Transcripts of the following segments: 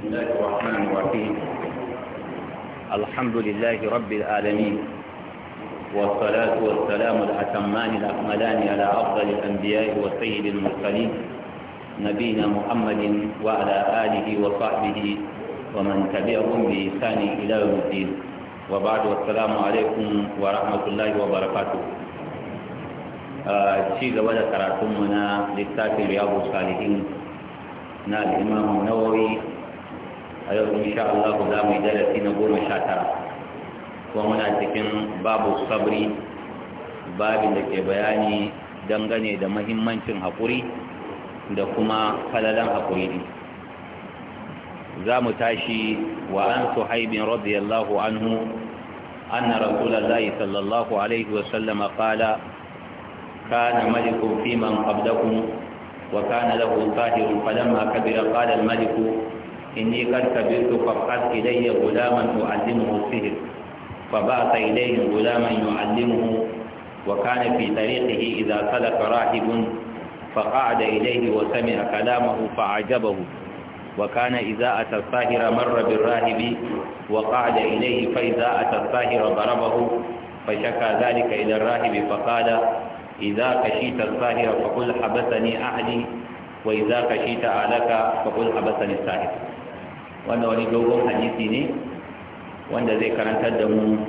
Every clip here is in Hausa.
الحمد لله رب العالمين والصلاة والسلام الأتمان الأكملان على أفضل الأنبياء وسيد المرسلين نبينا محمد وعلى آله وصحبه ومن تبعهم بإحسان إلى يوم الدين وبعد والسلام عليكم ورحمة الله وبركاته آه، شيء ولا تراكمنا karatunmu رياض الصالحين نال نعم، salihin النووي a yau insha Allah za mu yi darasi na goma sha tara kuma muna cikin babu sabri babin da ke bayani dangane da mahimmancin haƙuri da kuma falalan haƙuri ne za mu tashi wa an su suhaibin radiyallahu anhu أن رسول الله صلى الله عليه وسلم قال كان ملك في من قبلكم وكان له طاهر فلما كبر قال الملك إني قد كبرت فقد إلي غلاما أعلمه السهر فبعث إليه غلاما يعلمه وكان في طريقه إذا سلك راهب فقعد إليه وسمع كلامه فعجبه وكان إذا أتى الساهر مر بالراهب وقعد إليه فإذا أتى الساهر ضربه فشكى ذلك إلى الراهب فقال إذا كشيت الساهر فقل حبسني أهلي وإذا كشيت أهلك فقل حبسني الساهر wanda wani dogon hadisi ne wanda zai karantar da mu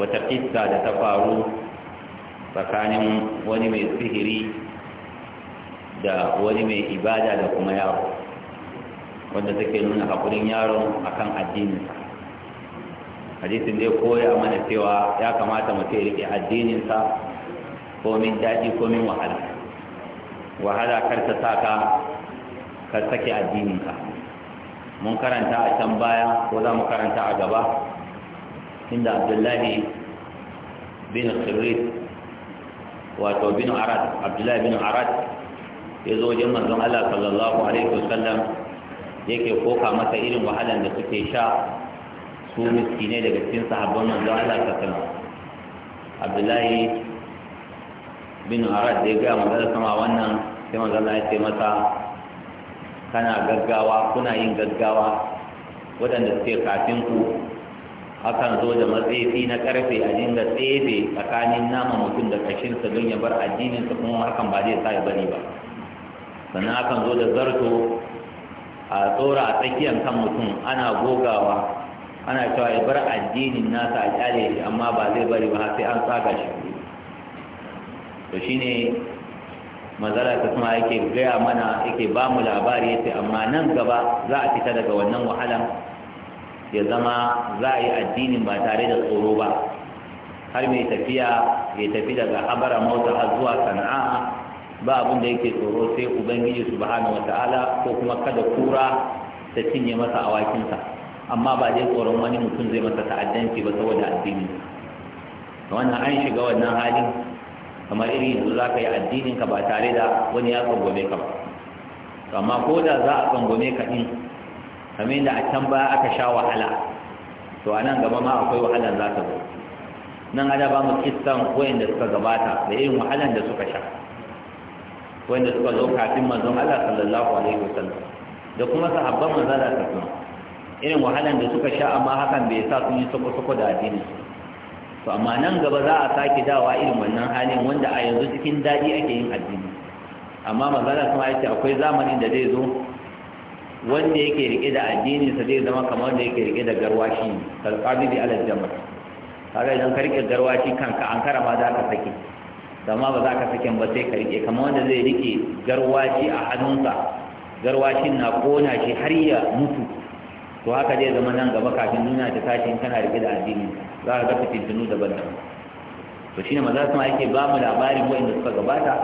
wata kissa da ta faru tsakanin wani mai sihiri da wani mai ibada da kuma yaro wanda take nuna haƙurin yaron akan addininsa hadisin dai koya mana cewa ya kamata mu ya rike addininsa komin daɗi komin wahala wahala kar ta saka ka sake addininka mun karanta a can baya ko za mu karanta a gaba inda abdullahi bin khirrit wato bin arad abdullahi bin arad ya zo wajen manzon Allah sallallahu alaihi wasallam yake koka masa irin wahalan da suke sha su miskinai daga cikin sahabban manzon Allah sallallahu alaihi wasallam abdullahi bin arad da ya ga manzon sama wannan sai manzon Allah ya ce masa kana gaggawa kuna yin gaggawa waɗanda suke kafin ku akan zo da matsefi na karfe a dinga tsefe tsakanin nama mutum da kashinsa don ya bar addininsa kuma hakan ba zai sa ya bari ba sannan akan zo da zarto a tsora a tsakiyar kan mutum ana gogawa ana cewa ya bar addinin nasa a kyale shi amma ba zai bari ba sai an tsaga shi to shine manzara ta kuma yake gaya mana yake ba mu labari yace amma nan gaba za a fita daga wannan wahala ya zama za a yi addinin ba tare da tsoro ba har mai tafiya ya tafi daga habara mota har zuwa sana'a ba abin da yake tsoro sai ubangiji subhanahu wataala ko kuma kada kura ta cinye masa awakinsa amma ba dai tsoron wani mutum zai masa ta'addanci ba saboda addini wannan an shiga wannan halin kamar iri yanzu za ka yi addinin ka ba tare da wani ya tsangwame ka ba amma ko da za a tsangwame ka din kamar yadda a can baya aka sha wahala to a nan gaba ma akwai wahalar za ta zo nan ana ba mu kissan wayanda suka gabata da irin wahalar da suka sha wayanda suka zo kafin manzon Allah sallallahu alaihi wasallam da kuma sahabban manzon Allah sallallahu alaihi wasallam irin wahalar da suka sha amma hakan bai sa sun yi sako-sako da addini. su to amma nan gaba za a sake dawa irin wannan halin wanda a yanzu cikin daɗi ake yin addini amma magana kuma ya ce akwai zamanin da zai zo wanda yake rike da addininsa zai zama kamar wanda yake rike da garwashi kalqabi da alal jamal kaga idan ka rike garwashi kanka an kara ma za ka sake amma ba za ka sake ba sai ka rike kamar wanda zai rike garwashi a hannunsa garwashin na kona shi har ya mutu to haka zai zama nan gaba kafin duniya ta tashi kana rike da addini za ka ga fitintunu daban-daban to shine maza sun ake ba mu labarin wa'inda suka gabata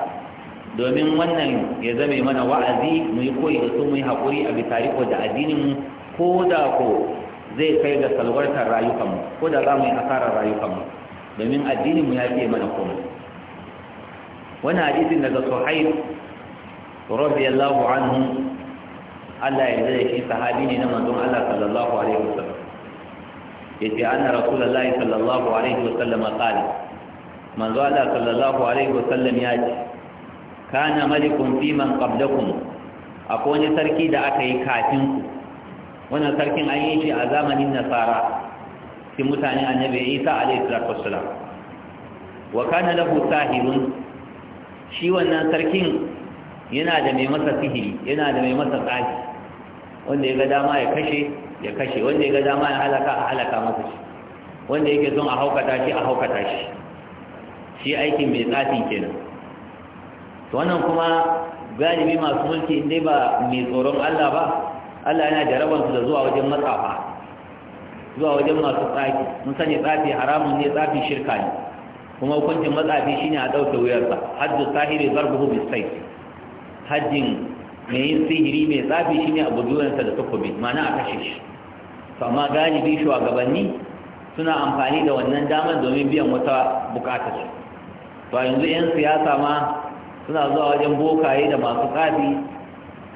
domin wannan ya zame mana wa'azi mu yi koyi da su mu yi haƙuri a bisa riko da addinin mu ko da ko zai kai ga salwartar rayukan mu ko da za mu yi asarar rayukan mu domin addinin mu ya fiye mana komai wannan hadisin daga suhaib radiyallahu anhu Allah ya yarda shi sahabi ne na manzon Allah sallallahu alaihi wasallam yace anna rasulullahi sallallahu alaihi wasallam qala manzo Allah sallallahu alaihi wasallam ya ce kana malikun fi man qablakum akwai wani sarki da aka yi kafin ku wannan sarkin an yi shi a zamanin nasara cikin mutane annabi Isa alaihi salatu wassalam wa kana lahu sahirun shi wannan sarkin yana da mai masa sihiri yana da mai masa tsaki wanda ya ga dama ya kashe ya kashe wanda ya ga dama ya halaka a halaka masa shi wanda yake son a haukata shi a haukata shi shi aikin mai tsafin kenan to wannan kuma galibi masu mulki indai ba mai tsoron Allah ba Allah yana jarabansu da zuwa wajen matsafa zuwa wajen masu tsafi mun sani tsafi haramun ne tsafi shirka ne kuma hukuncin matsafi shine a ɗauke wuyarsa hajjin sahiri zarbuhu bisai hajjin mai yin sihiri mai tsafi shine abu duwansa da takobi mana a kashe shi amma galibi shugabanni suna amfani da wannan damar domin biyan wata bukatar su to yanzu yan siyasa ma suna zuwa wajen bokaye da masu tsafi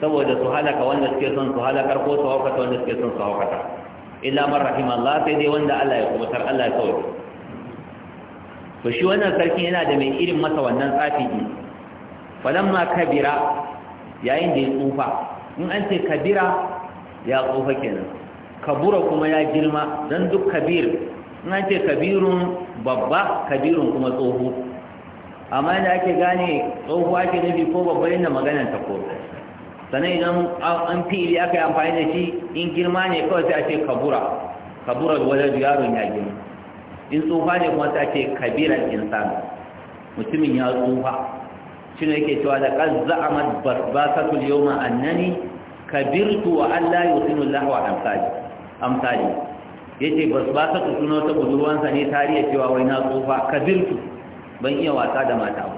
saboda su halaka wanda suke son su halakar ko su haukata wanda suke son su haukata illa man rahim Allah sai dai wanda Allah ya kubutar Allah ya kawai to shi wannan sarki yana da mai irin masa wannan tsafi din falamma kabira yayin da ya tsufa in an ce kabira ya tsufa kenan kabura kuma ya girma don duk kabir in an ce kabirun babba kabirun kuma tsoho amma yadda ake gane tsoho ake nufi ko babba yadda maganan ta ko sannan idan an fili aka yi amfani da shi in girma ne kawai sai a ce kabura kabura wajen yaron ya girma in tsufa ne kuma sai a ce kabiran insani mutumin ya tsufa shine yake cewa da qad A barbasatul yawma annani kabirtu wa an la yusinu Allahu amsali amsali yace barbasatu suno ta budurwansa ne tariya cewa wai na tsufa kabirtu ban iya wasa da mata ba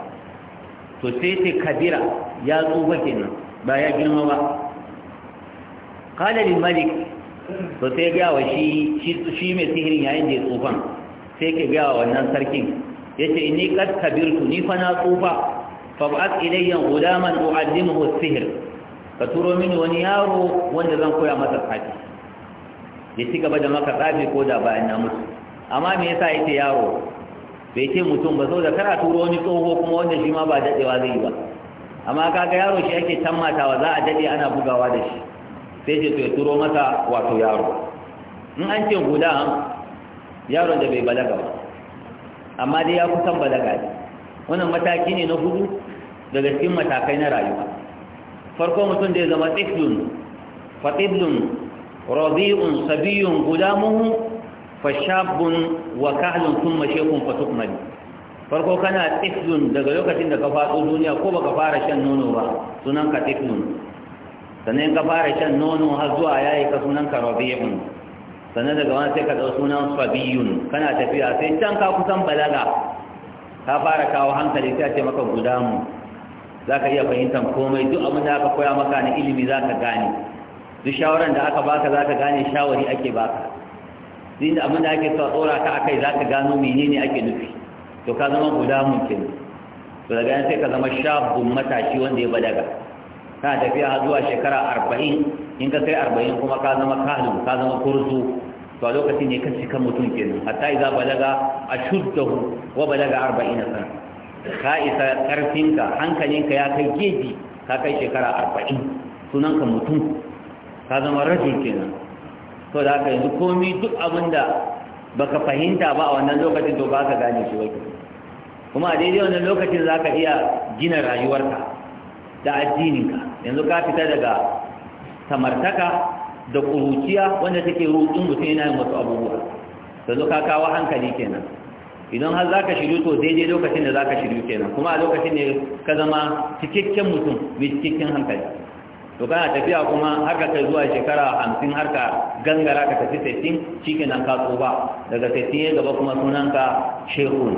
to sai ce kabira ya tsufa kenan ba ya girma ba qala lil malik to sai ga wa shi shi mai sihirin yayin da ya tsufan sai ke ga wannan sarkin yace inni kad kabirtu ni fa na tsufa fab'at ilayya gulaman u'allimuhu as-sihr ka turo mini wani yaro wanda zan koya masa tsafi ya ci gaba da maka tsafi ko da bayan na mutu amma me yasa yace yaro bai ce mutum ba saboda kana turo wani tsoho kuma wanda shi ma ba dadewa zai yi ba amma kaga yaro shi ake tammatawa za a dade ana bugawa da shi sai ce to ya turo masa wato yaro in an ce guda yaron da bai balaga ba amma dai ya kusan balaga ne wannan mataki ne na hudu daga cikin matakai na rayuwa farko mutum da ya zama tiflun fatibun rabi'un sabiyun guda gudamuhu fashabun wa kahlun thumma shaykhun fatukmani farko kana tiflun daga lokacin da ka faɗo duniya ko baka fara shan nono ba sunan ka tiflun sannan ka fara shan nono har zuwa ya yi ka sunan ka rabi'un sannan daga wani sai ka ɗau sunan sabiyun kana tafiya sai can ka kusan balaga ka fara kawo hankali sai a ce maka mu. za ka iya fahimtar komai duk abin da aka koya maka na ilimi za ka gane duk shawaran da aka baka za ka gane shawari ake baka duk da abin da ake so tsora ka akai za ka gano menene ake nufi to ka zama guda mumkin to daga yan sai ka zama shabun matashi wanda ya balaga kana tafiya har zuwa shekara arba'in in ka kai arba'in kuma ka zama kahin ka zama kurzu to a lokacin ne ka cika mutum kenan hatta iza balaga a ashuddahu wa balaga arba'ina sana ka isa ƙarfinka hankalinka ya kai geji ka kai shekara arba'in sunanka mutum ka zama rajul kenan to da haka yanzu komi duk abin da baka fahimta ba a wannan lokacin to ba ka gane shi wai kuma a daidai wannan lokacin za ka iya gina rayuwarka da addininka yanzu ka fita daga samartaka da ƙuruciya wanda take rutsun mutum yana yin wasu abubuwa yanzu ka kawo hankali kenan idan har zaka shiryu to daidai lokacin da zaka shiryu kenan kuma a lokacin ne ka zama cikakken mutum mai cikakken hankali to kana tafiya kuma har ka kai zuwa shekara hamsin har ka gangara ka tafi sittin shikenan ka tsoba daga sittin ya gaba kuma sunanka shehu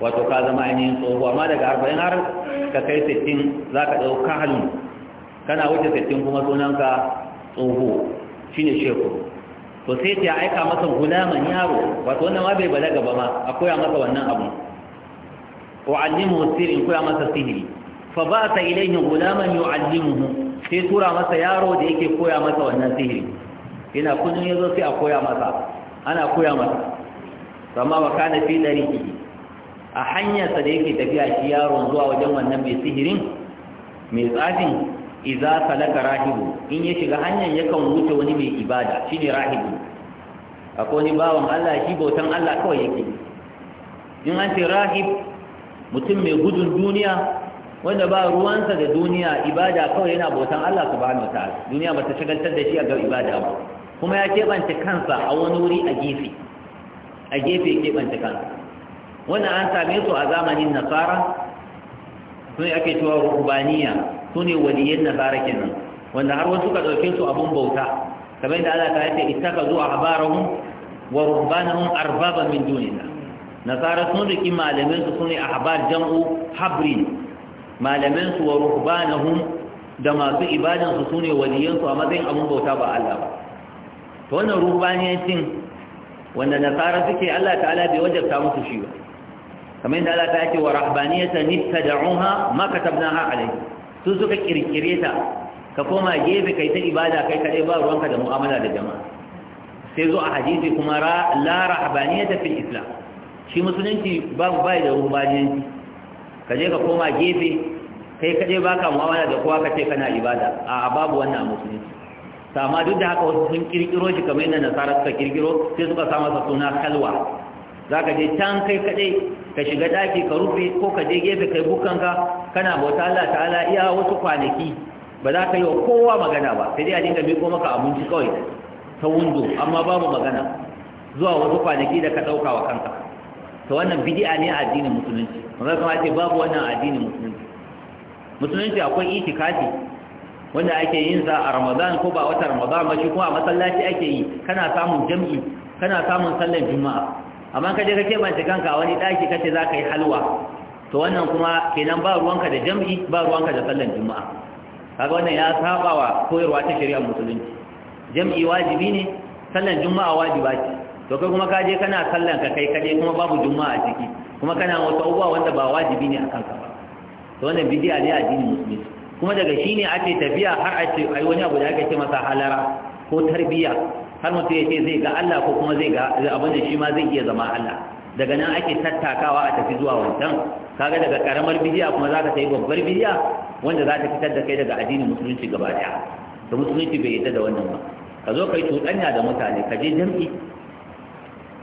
wato ka zama ainihin tsoho amma daga arba'in har ka kai sittin za ka ɗau kahalun kana wuce sittin kuma sunanka tsoho shine shehu to sai ta aika masa gulaman yaro wato wannan ma bai balaga ba ma a koya masa wannan abu Wa وعلمه koya masa كنا fa ba ta إليه gulaman yu'allimuhu sai tura masa yaro da yake koya masa wannan sihiri Ina kullum yazo sai a koya masa ana koya masa amma wa kana fi dariki a sa da yake tafiya shi yaron zuwa wajen wannan mai sihirin mai tsafin إذا فلك راهب إن يشغى أن يكون موتا ونمي إبادة شيني راهب أقول باو الله يجيبه تن الله كو يكي إن أنت راهب متم غدو الدنيا وإن با روانسة الدنيا إبادة كو ينا بو تن الله سبحانه وتعالى دنيا ما تشغل تدشي أقو إبادة أبو كما يجيب أن تكنسى أو نوري أجيفي أجيفي يجيب أن تكنسى وإن أنت ميتو أزامن النصارى هناك شوى رهبانية su ne waliyan nasara kenan wanda har wasu ka ɗauke su abun bauta kamar yadda Allah ta yace a ahbarahum wa rubbanahum arbaba min dunillah nasara sun riki malamin su a habar jam'u habrin malamin su wa rubbanahum da masu ibadan su sune waliyan su a matsayin abun bauta ba Allah ba to wannan rubbaniyancin wanda nasara suke Allah ta'ala bai wajabta musu shi ba kamar yadda Allah ta yace wa rahbaniyatan ittada'uha ma katabnaha alayhi tun suka kirkire ta ka koma gefe kai ta ibada kai kaɗai ba ruwanka da mu'amala da jama'a sai zo a hadisi kuma la ta fil islam shi musulunci babu bai da rubaniyanci ka je ka koma gefe kai kaɗai ka mu'amala da kowa ka ce kana ibada a babu wannan a musulunci amma duk da haka wasu sun kirkiro shi kamar yadda nasara suka kirkiro sai suka sa masa suna kalwa za ka je can kai kaɗai ka shiga ɗaki ka rufe ko ka je gefe kai bukanka kana bauta Allah ta'ala iya wasu kwanaki ba za ka yi wa kowa magana ba sai dai a dinga miko maka abinci kawai ta wundo amma babu magana zuwa wasu kwanaki da ka dauka wa kanka to wannan bid'a ne a addinin musulunci maza kuma ce babu wannan addinin musulunci musulunci akwai itikafi wanda ake yin sa a ramadan ko ba wata ramadan ba shi kuma a masallaci ake yi kana samun jam'i kana samun sallar juma'a amma ka je ka keɓance kanka a wani ɗaki kace za ka yi halwa to wannan kuma kenan ba ruwanka da jam'i ba ruwanka da sallan juma'a kaga wannan ya saba wa koyarwa ta shari'ar musulunci jam'i wajibi ne sallan juma'a wajiba ce to kai kuma ka je kana sallan ka kai kaje kuma babu juma'a ciki kuma kana wata uba wanda ba wajibi ne a kanka ba to wannan bid'a ne a addinin musulunci kuma daga shine ake tafiya har a ce ai wani abu da ake ce masa halara ko tarbiya har mutum yake zai ga Allah ko kuma zai ga abin da shi ma zai iya zama Allah daga nan ake tattakawa a tafi zuwa wancan kaga daga karamar bidiya kuma za ka sai babbar bidiya wanda za ta fitar da kai daga addinin musulunci gaba daya to musulunci bai yadda da wannan ba ka zo kai tudanya da mutane ka je jam'i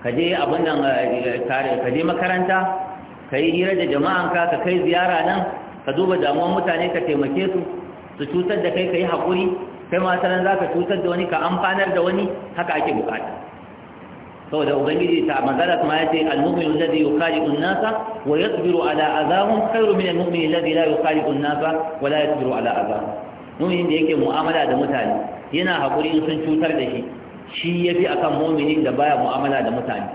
ka je abin nan eh, ka je makaranta ka yi hira da jama'anka ka kai ziyara nan ka duba damuwan mutane ka taimake su su cutar da kai ka yi haƙuri kai ma sanan za ka cutar da wani ka amfanar da wani haka ake bukata saboda ubangiji ta magana kuma ya ce al-mu'minu alladhi yukhaliqu an-nasa wa yasbiru ala adahum khairu min al-mu'mini alladhi la yukhaliqu an-nasa wa la yasbiru ala adahum mu'minin da yake mu'amala da mutane yana hakuri sun cutar da shi shi yafi akan mu'minin da baya mu'amala da mutane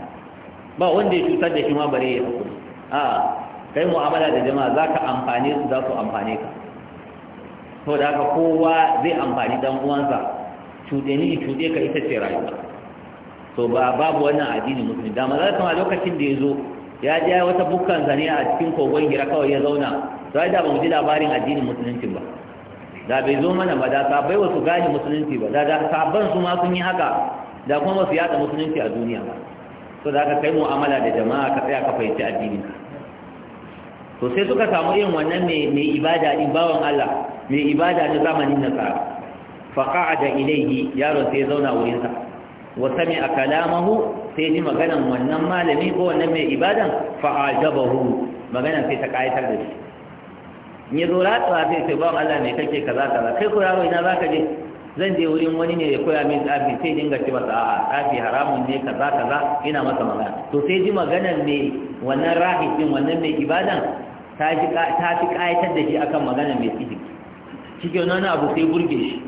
ba wanda ya cutar da shi ma bare ya hakuri a kai mu'amala da jama'a zaka amfane su za su amfane ka saboda haka kowa zai amfani dan uwansa cuɗe ni cuɗe ka ita ce rayuwa to ba babu wannan addini musulmi da maza kuma lokacin da ya zo ya je wata bukkan zane a cikin kogon gira kawai ya zauna to ai da ba mu ji labarin addinin musulunci ba da bai zo mana ba da sabai wasu gane musulunci ba da da sabban su ma sun yi haka da kuma su yada musulunci a duniya ba to da ka kai mu'amala da jama'a ka tsaya ka fahimci addini to sai suka samu irin wannan mai ibada din bawan Allah mai ibada na zamanin nasara faqa'ada ilayhi yaron sai ya zauna wurin sa wa a kalamahu sai ji maganan wannan malami ko wannan mai ibadan fa ajabahu maganan sai ta kayatar da shi in yi zo tsawa sai sai ba Allah mai kake kaza kaza kai ko yaro ina ka je zan je wurin wani ne ya koya min tsafi sai dinga ce masa a tsafi haramun ne kaza kaza ina masa magana to sai ji maganan mai wannan rahibin wannan mai ibadan ta fi kayatar da shi akan maganan mai sihiri Cikin wani abu sai burge shi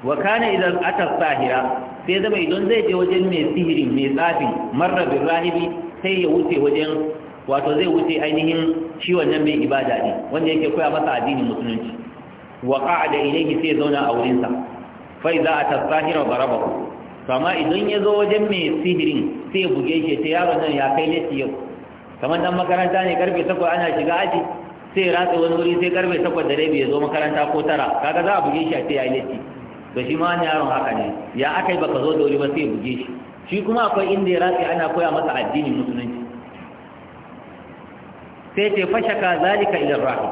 wa kana idan ata sahira sai zama idan zai je wajen mai sihirin mai tsafi marrabin rahibi sai ya wuce wajen wato zai wuce ainihin ciwon nan mai ibada ne wanda yake koya masa addinin musulunci wa qa'ada ilayhi sai zauna a wurin sa fa idza atasahira darabahu kama idan ya zo wajen mai sihirin sai ya buge shi ta yaron nan ya kai lati yau kamar dan makaranta ne karfe 8 ana shiga aji sai ratsa wani wuri sai karfe 8 da rabi ya zo makaranta ko tara kaga za a buge shi a ce ya yi lati da shi ma wani yaron haka ne ya aka yi baka zo da wuri ba sai buge shi shi kuma akwai inda ya ratse ana koya masa addinin musulunci sai ce ka zalika ila rahim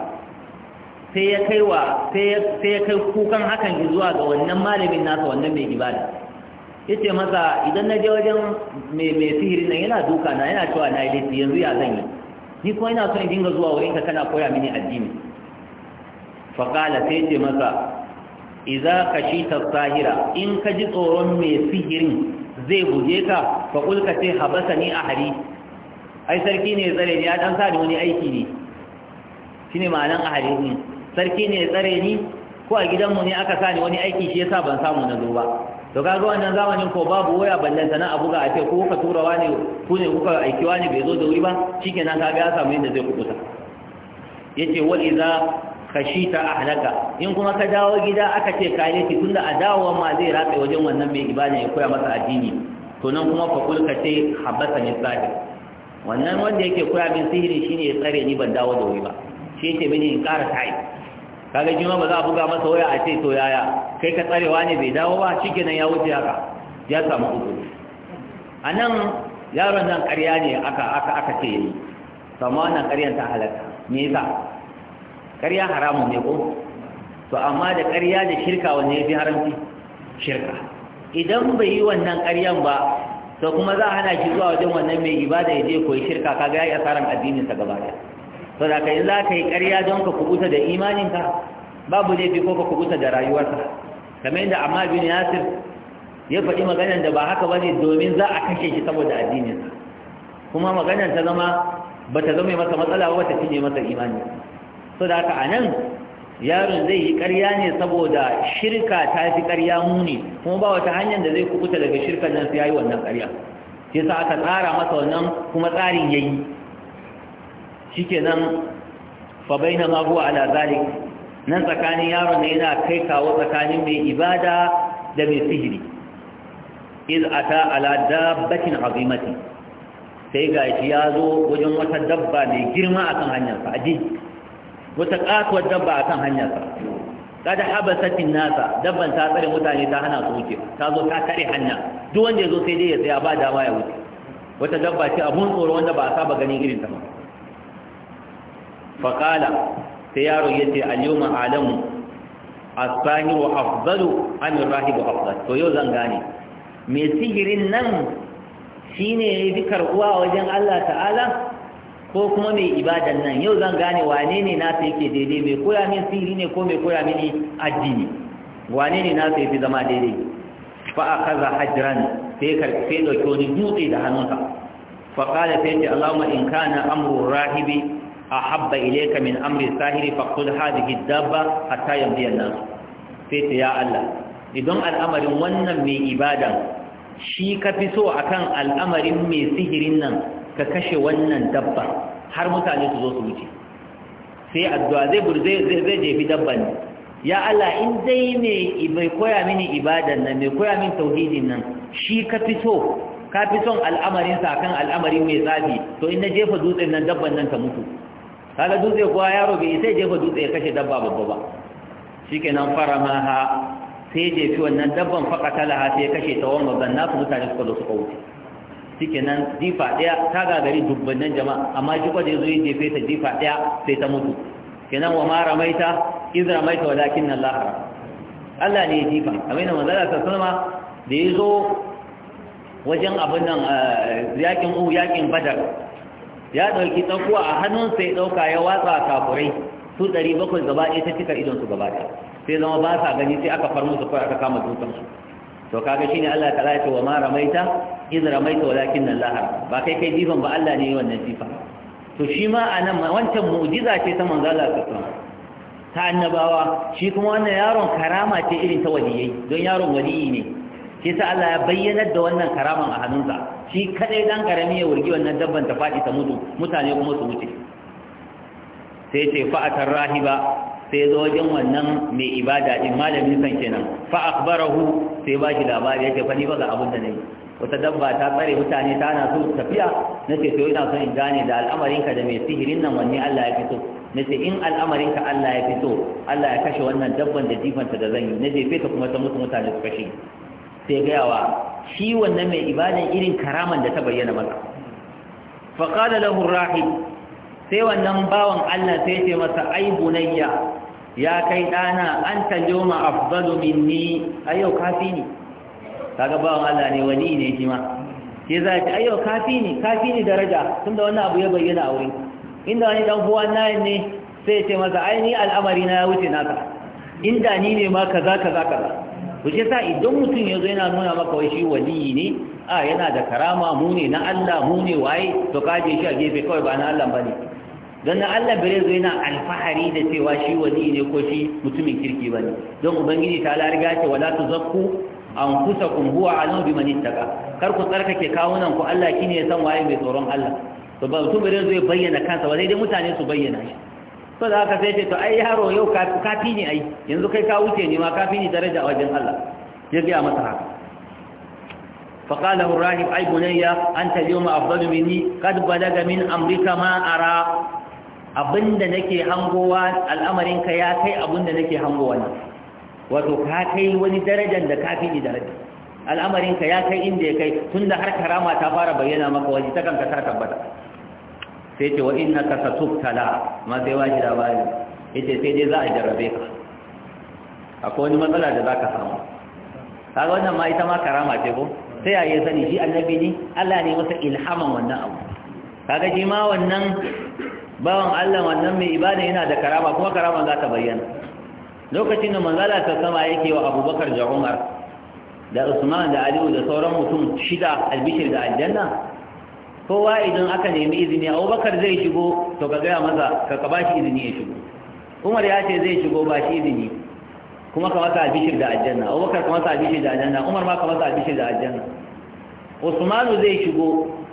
sai ya kai wa sai ya kai kukan hakan zuwa ga wannan malamin nasa wannan mai ibada yace masa idan na je wajen mai mai sihiri nan yana duka na yana cewa na yi yanzu ya zan yi ni kuma ina son in dinga zuwa wurinka kana koya mini addini fa qala sai ce masa idza khashita sahira in ka ji tsoron mai sihirin zai buge ka fa kul ka ce habasani ahli ai sarki ne tsare ni ya dan sa ni wani aiki ne shine ma'anan ahli ne sarki ne tsare ni ko a gidanmu ne aka sa ni wani aiki shi yasa ban samu na zo ba to kaga wannan zamanin ko babu waya ballanta na abuga a ce ko ka tura wani ku ne kuka aiki ne bai zo da wuri ba shikenan kaga ya samu yadda zai kubuta yace wal idza khashita ahlaka in kuma ka dawo gida aka ce ka yi tunda a dawowa ma zai ratsa wajen wannan mai ibada ya koya masa addini to nan kuma fa kul ka ce habasa ni sahi wannan wanda yake koya min sihiri shine ya tsare ni ban dawo da wuri ba shi yake bani in ƙara tayi kaga jima ba za a buga masa waya a ce to yaya kai ka tsarewa ne bai dawo ba nan ya wuce haka ya samu uku. A nan yaron nan ƙarya ne aka aka ce yi Sama wannan ƙaryan ta halarta, me yasa ƙarya haramun ne ko to amma da ƙarya da shirka wanne ya fi haramci shirka idan bai yi wannan ƙaryan ba to kuma za a hana shi zuwa wajen wannan mai ibada ya je koyi shirka kaga ya yi addinin addininsa gaba ɗaya to da kai za ka yi ƙarya don ka kubuta da imaninka babu laifi ko ka kubuta da rayuwarka kamar yadda amma bin yasir ya faɗi maganar da ba haka ba ne domin za a kashe shi saboda addininsa kuma maganar ta zama ba ta zama masa matsala ba ta cinye masa imani so da haka anan yaron zai yi ƙarya ne saboda shirka ta fi ƙarya muni kuma ba wata hanyar da zai kukuta daga shirka nan ya yi wannan ƙarya shi sa aka tsara masa wannan kuma tsarin yayi nan, fa bainama huwa a zalik nan tsakanin yaron ne yana kai kawo tsakanin mai ibada da mai sihiri iz ata ala dabbatin azimati sai ga shi ya zo wajen wata dabba mai girma akan hanyarsa aji wata katuwar dabba akan hanyar sa kada habasatin nasa dabban ta tsare mutane ta hana su wuce ta zo ta kare hanya duk wanda ya zo sai dai ya tsaya ba dama ya wuce wata dabba ce abun tsoro wanda ba a saba ganin irin ta ba faqala sai yaro yace al-yawma alamu as wa afdalu am ar wa afdal to yau zan gane me sihirin nan shine yafi uwa wajen Allah ta'ala ko kuma mai ibadan nan yau zan gane wane ne na sai yake daidai mai koya min sihiri ne ko mai koya mini addini wane ne na sai fi zama daidai fa kaza hajran sai karfe dauke wani dutse da hannunsa fa qala sai ce allahumma in kana amru rahibi habba ilayka min amri sahiri faqul hadhihi dabba hatta yamdi an-nas sai ce ya allah idan al'amarin wannan mai ibadan shi ka fi so akan al'amarin mai sihirin nan ka kashe wannan dabba har mutane su zo su wuce sai addu'a zai zai zai jefi dabban ya Allah in dai me mai koya mini ibadan nan mai koya min tauhidin nan shi ka fito ka fi son al'amarin sa kan al'amarin mai tsafi to in na jefa dutsen nan dabban nan ta mutu kaga dutse kuwa yaro bai sai jefa dutse ya kashe dabba babba ba shikenan faramaha sai jefi wannan dabban faqatalaha sai kashe ta wannan zanna mutane suka zo suka wuce nan jifa ɗaya ta gagari dubbannin jama'a amma da kwaje zo yi jefe ta jifa ɗaya sai ta mutu kenan wa ma ramaita iz ramaita walakin Allah lahara. Allah ne ya jifa kamar yadda manzala ta sallama da ya zo wajen abin nan eh, yakin uhu yakin badar ya dauki tsakuwa a hannun sai dauka ya watsa kafurai su 700 gaba ɗaya ta cika idon su gaba ɗaya sai zama ba sa gani sai aka far musu kawai aka kama dutsen su to kaga shine Allah ta ya wa ma ramaita iz ramaita walakin Allah ba kai kai jifan ba Allah ne wannan jifa to shi ma anan wancan mu'jiza ce ta manzo Allah sallallahu ta annabawa shi kuma wannan yaron karama ce irin ta waliyai don yaron waliyi ne shi sa Allah ya bayyanar da wannan karaman a hannunsa shi kadai dan karami ya wurgi wannan dabban ta fadi ta mutu mutane kuma su wuce sai ce fa'atar rahiba sai zo wajen wannan mai ibada din malamin sanke kenan fa akhbarahu sai ba shi labari yake fa ni ba ga abin da nayi wata dabba ta tsare mutane ta na so tafiya nace to ina son in gane da al'amarinka da mai sihirin nan wanne Allah ya fito nace in al'amarinka Allah ya fito Allah ya kashe wannan dabban da jifanta da zan yi nace fita kuma ta mutu mutane su kashe sai gayawa shi wannan mai ibadan irin karaman da ta bayyana masa faƙada lahu rahib sai wannan bawan allah sai ce masa ai bunayya ya kai ɗana an ta yoma afdalu minni ayyau kafi ne kaga bawan Allah ne wani ne shi ma Ke za ta ayyau kafi ne kafi ne daraja Tunda da wannan abu ya bayyana a wurin inda wani dan uwa nayin ne sai ya ce masa ai ni al'amari na ya wuce naka inda ni ne ma kaza kaza kaza to shi sa idan mutum ya yana nuna maka wai shi waliyi ne a yana da karama mu ne na Allah mu ne waye to kaje shi a gefe kawai ba na Allah bane don na Allah bare zo yana alfahari da cewa shi wani ne ko shi mutumin kirki ba ne don ubangiji ta larga ce wala tu zakku an kusa kun huwa alam bi man ittaka kar ku tsarkake kawunan ku Allah shine ya san waye mai tsoron Allah to ba mutum bare zo ya bayyana kansa ba sai dai mutane su bayyana shi to da haka sai ce to ai yaro yau ka kafi ne ai yanzu kai ka wuce ne ma kafi ne daraja a wajen Allah ya ga masa haka فقال له الراهب أي بني أنت اليوم أفضل مني قد بلغ من أمرك ما أرى abinda nake hangowa al'amarin ka ya kai abinda nake hangowa ne wato ka kai wani darajar da kafi ni daraja al'amarin ka ya kai inda ya kai tunda har karama ta fara bayyana maka waje ta kanka ta tabbata sai ce wa innaka satubtala ma sai waji labari yace sai dai za a jarrabe ka akwai wani matsala da zaka samu kaga wannan ma ita ma karama ce ko sai ya sani shi annabi ne Allah ne masa ilhaman wannan abu kaga shi ma wannan bawan Allah wannan mai ibada yana da karama kuma karama za ta bayyana lokacin da manzala ta sama yake wa abubakar da umar da usman da aliyu da sauran mutum shida albishir da aljanna kowa idan aka nemi izini abubakar zai shigo to ka gaya masa ka ka bashi izini ya shigo umar ya ce zai shigo ba shi izini kuma ka masa albishir da aljanna abubakar ka masa albishir da aljanna umar ma ka masa albishir da aljanna usmanu zai shigo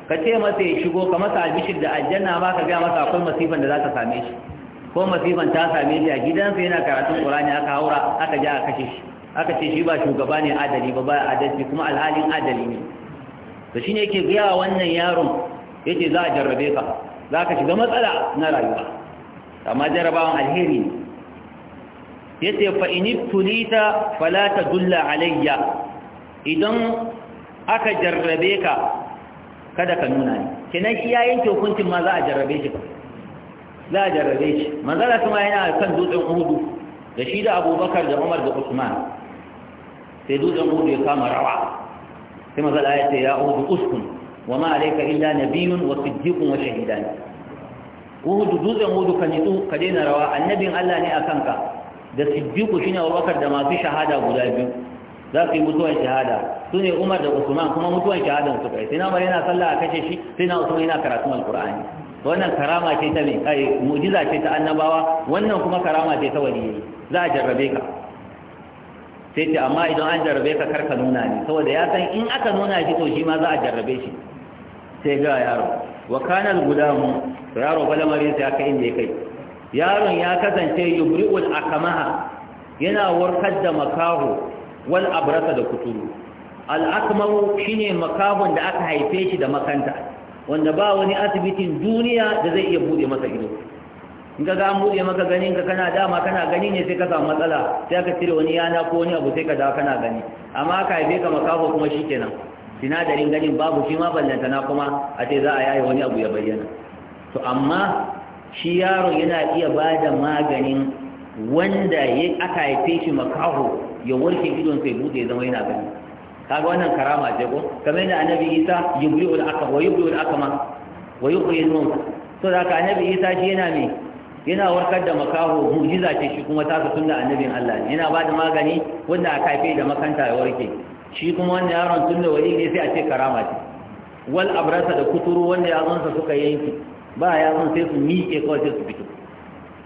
ka ce masa ya shigo ka masa albishir da aljanna ba ka gaya masa akwai masifan da za ta same shi ko masifan ta same shi a gidansa yana karatun Ƙur'ani. aka haura aka ja a kashe shi aka ce shi ba shugaba ne adali ba ba adalci kuma alhalin adali ne to shine yake gaya wa wannan yaron yace za a jarrabe ka za ka shiga matsala na rayuwa amma jarrabawan alheri ne yace fa inibtulita fala tadulla alayya idan aka jarrabe ka kada ka nuna ni kenan shi ya yanke hukuncin ma za a jarrabe shi ba za a jarrabe shi manzala kuma yana kan dutsen uhudu da shi da abubakar da umar da usman sai dutsen uhudu ya kama rawa sai manzala ya ce ya uhudu uskun wa ma alaika illa nabiyun wa siddiqun wa shahidan uhudu dutsen uhudu ka nitsu ka daina rawa annabin allah ne a kanka da siddiqu shine abubakar da masu shahada guda biyu za su yi mutuwan shahada su ne umar da usman kuma mutuwan shahadan su kai sai na umar yana sallah a kashe shi sai na usman yana karatun alkur'ani wannan karama ce ta mai ai mu'jiza ce ta annabawa wannan kuma karama ce ta waliyi za a jarrabe ka sai ce amma idan an jarrabe ka karka nuna ne saboda ya san in aka nuna shi to shi ma za a jarrabe shi sai ga yaro wa kana al-gudamu yaro balamari sai aka inda ya kai yaron ya kasance yubri'ul akamaha yana warkar da makaho wal abrasa da kuturu al akmaru shine makabon da aka haife shi da makanta wanda ba wani asibitin duniya da zai iya bude masa ido in ka ga an bude maka ganin ka kana dama kana gani ne sai ka samu matsala sai ka cire wani yana ko wani abu sai ka dawo kana gani amma ka haife ka makabo kuma shikenan sinadarin ganin babu shi ma na kuma a ce za a yaye wani abu ya bayyana to amma shi yaro yana iya ba da maganin wanda ya aka haife shi makaho ya warke idon sai bude zama yana gani kaga wannan karama ce ko kamar da annabi Isa yubri'u ul aqma wa yubri'u al-aqma wa yuhyi ul mawt to da ka annabi Isa shi yana me yana warkar da makaho mu'jiza ce shi kuma ta sunna annabin Allah ne yana ba da magani wanda aka haife da makanta ya warke shi kuma wannan yaron tunda wani ne sai a ce karama ce wal abrasa da kuturu wanda yazonsa suka yanki ba yazon sai su miƙe kawai sai su fito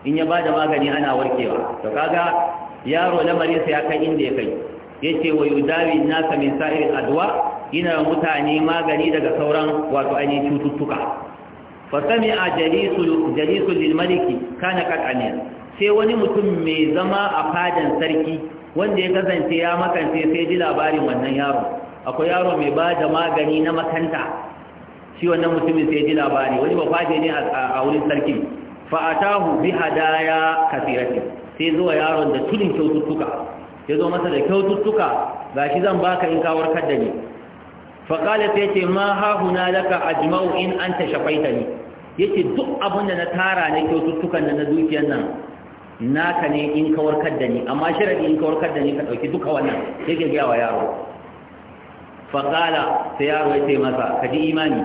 in ya ba da magani ana warkewa to kaga yaro lamarinsa ya kan inda ya kai yace wa yudawi nasa min sa'ir adwa yana mutane magani daga sauran wato ainihin cututtuka fa sami jalisul jalisul lil maliki kana qad sai wani mutum mai zama a fadan sarki wanda ya kasance ya makance sai ji labarin wannan yaro akwai yaro mai ba da magani na makanta shi wannan mutumin sai ji labari wani ba ne a wurin sarki fa atahu bi hadaya kafiratin sai zuwa yaron da tudin kyaututtuka ya zo masa da kyaututtuka ga shi zan baka in kawar kadda ne ni faƙala sai ce ma hahuna laka jima'u in an ta shafaita ni ce duk abin da na tara na kyaututtukan da na dukiyar nan naka ne in kawar kadda ne ni amma sharadi in kawar kadda ne ni ka ɗauki duka wannan yake gaya wa yaro faƙala ta yaro ya ce masa ka ji imani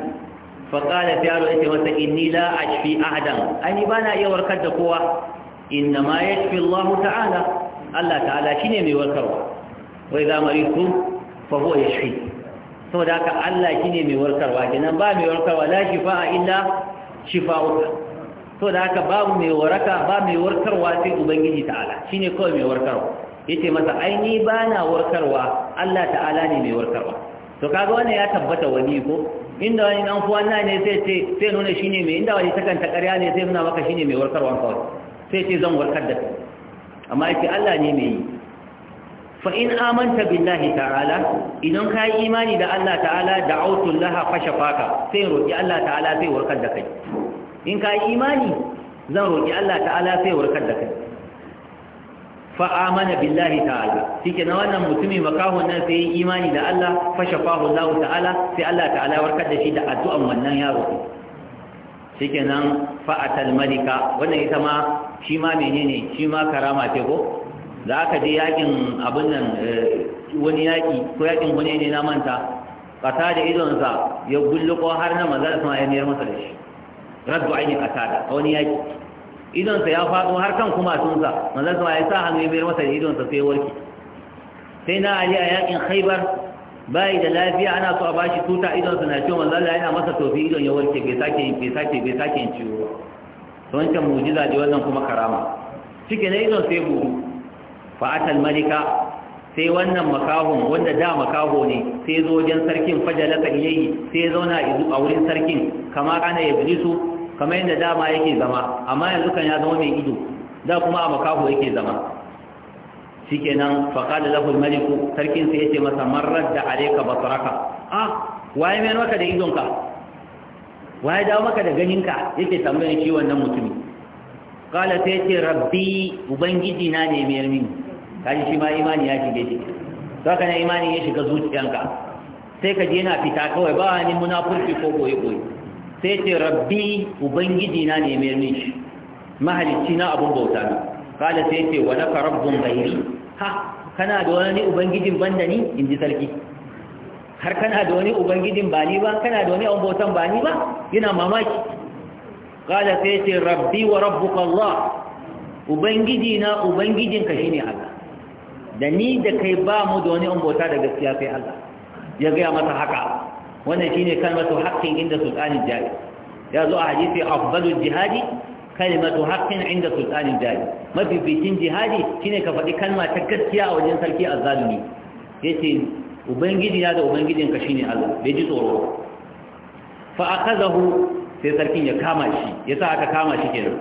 faƙala ta yaro ya ce masa inni la ashfi ahadan ai ni ba na iya warkar da kowa inna ma yashfi Allah ta'ala Allah ta'ala shine mai warkarwa wa idza maritum fa huwa yashfi saboda haka Allah shine mai warkarwa kenan ba mai warkarwa la shifa'a illa shifa'uka saboda haka babu mai waraka ba mai warkarwa sai ubangiji ta'ala shine kawai mai warkarwa yace masa aini bana warkarwa Allah ta'ala ne mai warkarwa to kaga wannan ya tabbata wani ko inda wani dan kuwa na ne sai sai nuna shine mai inda wani takanta ƙarya ne sai nuna maka shine mai warkarwan kawai sai ce zan warkar da kai amma yake Allah ne mai yi fa in amanta billahi ta'ala idan ka yi imani da Allah ta'ala da'awtu laha fashafaka sai roki Allah ta'ala sai warkar da kai in ka yi imani zan roki Allah ta'ala sai warkar da kai fa amana billahi ta'ala shike na wannan mutumi makahon nan sai imani da Allah fashafahu Allah ta'ala sai Allah ta'ala warkar da shi da addu'an wannan yaro shikenan fa atal malika wannan ita ma shi ma menene shi ma karama ce ko za ka je yakin abin nan eh, wani yaki ko yakin wani ne na manta kasa da idonsa ya gulluko har na da sama ya niyar masa da shi raddu ainihin kasa da wani yaki idonsa ya faɗo har kan kuma sunsa manzan sama ya sa hannu ya mayar masa da idonsa sai warke sai na ali a yakin khaibar bayi da lafiya ana so a bashi tuta idonsa na ciwo manzan yi yana masa tofi idon ya warke bai sake bai sake bai sake yin ciwo wancan mu'jiza ne wannan kuma karama cike ne idon sai buhu fa malika sai wannan makahon wanda da makaho ne sai zo wajen sarkin fajalaka ilayhi sai zauna a wurin sarkin kama kana su, kamar yadda dama yake zama amma yanzu kan ya zama mai ido da kuma a makaho yake zama shikenan nan, lahu al-malik sarkin sai yace masa marrad da alayka basaraka ah waye mai maka da idonka wa ya dawo maka da ganinka yake tambayar shi wannan mutumi kala sai ce rabbi ubangiji na ne mai min kaji shi ma imani ya shige shi to kana imani ya shiga zuciyanka sai ka je na fita kawai ba ni munafurci ko boye boye sai ce rabbi ubangiji na ne mai min mahalicci na abun bauta ne kala sai ce wa laka rabbun ghairi ha kana da wani ubangijin banda ni in ji sarki har kana da wani ubangijin ba ni ba kana da wani abotan ba ni ba yana mamaki kala sai ce rabbi wa rabbuka Allah ubangiji na ubangijinka shine Allah da ni da kai ba mu da wani abota da gaskiya sai Allah ya gaya masa haka wannan shine kalmatu haqqin inda sultanin jari ya zo a hadisi afdalul jihadi kalimatu haqqin inda sultanin jari mafificin jihadi shine ka faɗi kalma ta gaskiya a wajen sarki azzalumi yace ubangiji na da ubangijin ka shine Allah bai ji tsoro fa akazahu sai sarkin ya kama shi yasa aka kama shi kenan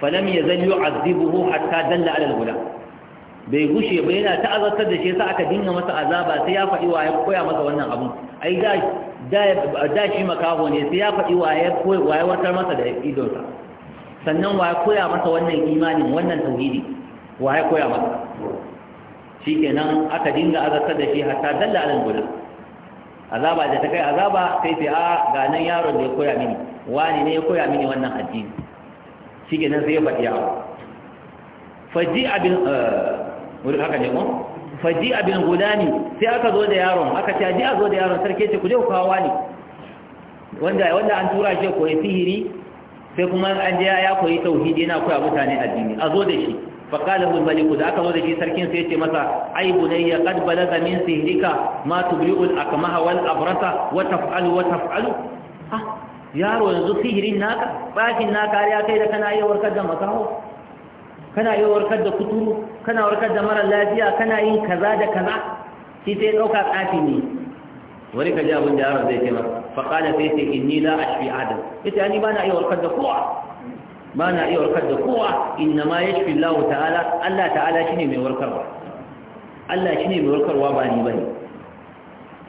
falam yazal yu'adhibuhu hatta dalla ala al-gulam bai gushe ba yana ta'azartar da shi yasa aka dinga masa azaba sai ya faɗi wa ya koya masa wannan abun ai da da shi makaho ne sai ya faɗi wa ya koyi wa ya watar masa da idonsa sannan wa ya koya masa wannan imanin wannan tauhidi wa ya koya masa shikenan aka dinga azabtar da shi hatta dalla alal gudu azaba da ta kai azaba sai sai a ga nan yaron da ya koya mini wani ne ya koya mini wannan addini shikenan sai ya faɗi yawo faji abin eh, wuri haka ne ko faji abin gulani sai aka zo da yaron aka ce ji a zo da yaron sarki ce ku je ku kawo wani wanda wanda an tura shi ya koyi sihiri sai kuma an je ya koyi tauhidi yana koya mutane addini a zo da shi da فقاله الملك ذاك ذو ذي سركين سيتي مسا أي بني قد بلغ من سهرك ما تبلغ الأكمه والأبرص وتفعل وتفعل ها yaro yanzu sihirin naka bakin naka ya kai da kana iya warkar da makaho kana iya warkar da kuturu kana warkar da marar lafiya kana yin kaza da kaza shi sai ɗauka tsafi ne wani ka ji abin da yaron zai ce masa faƙala sai sai inni la ashfi adam ita ni ba na iya warkar da kowa ba na iya warkar da kowa inna ma ya shi Allah ta'ala Allah ta'ala ne mai warkarwa Allah shi ne mai warkarwa ba ni Ba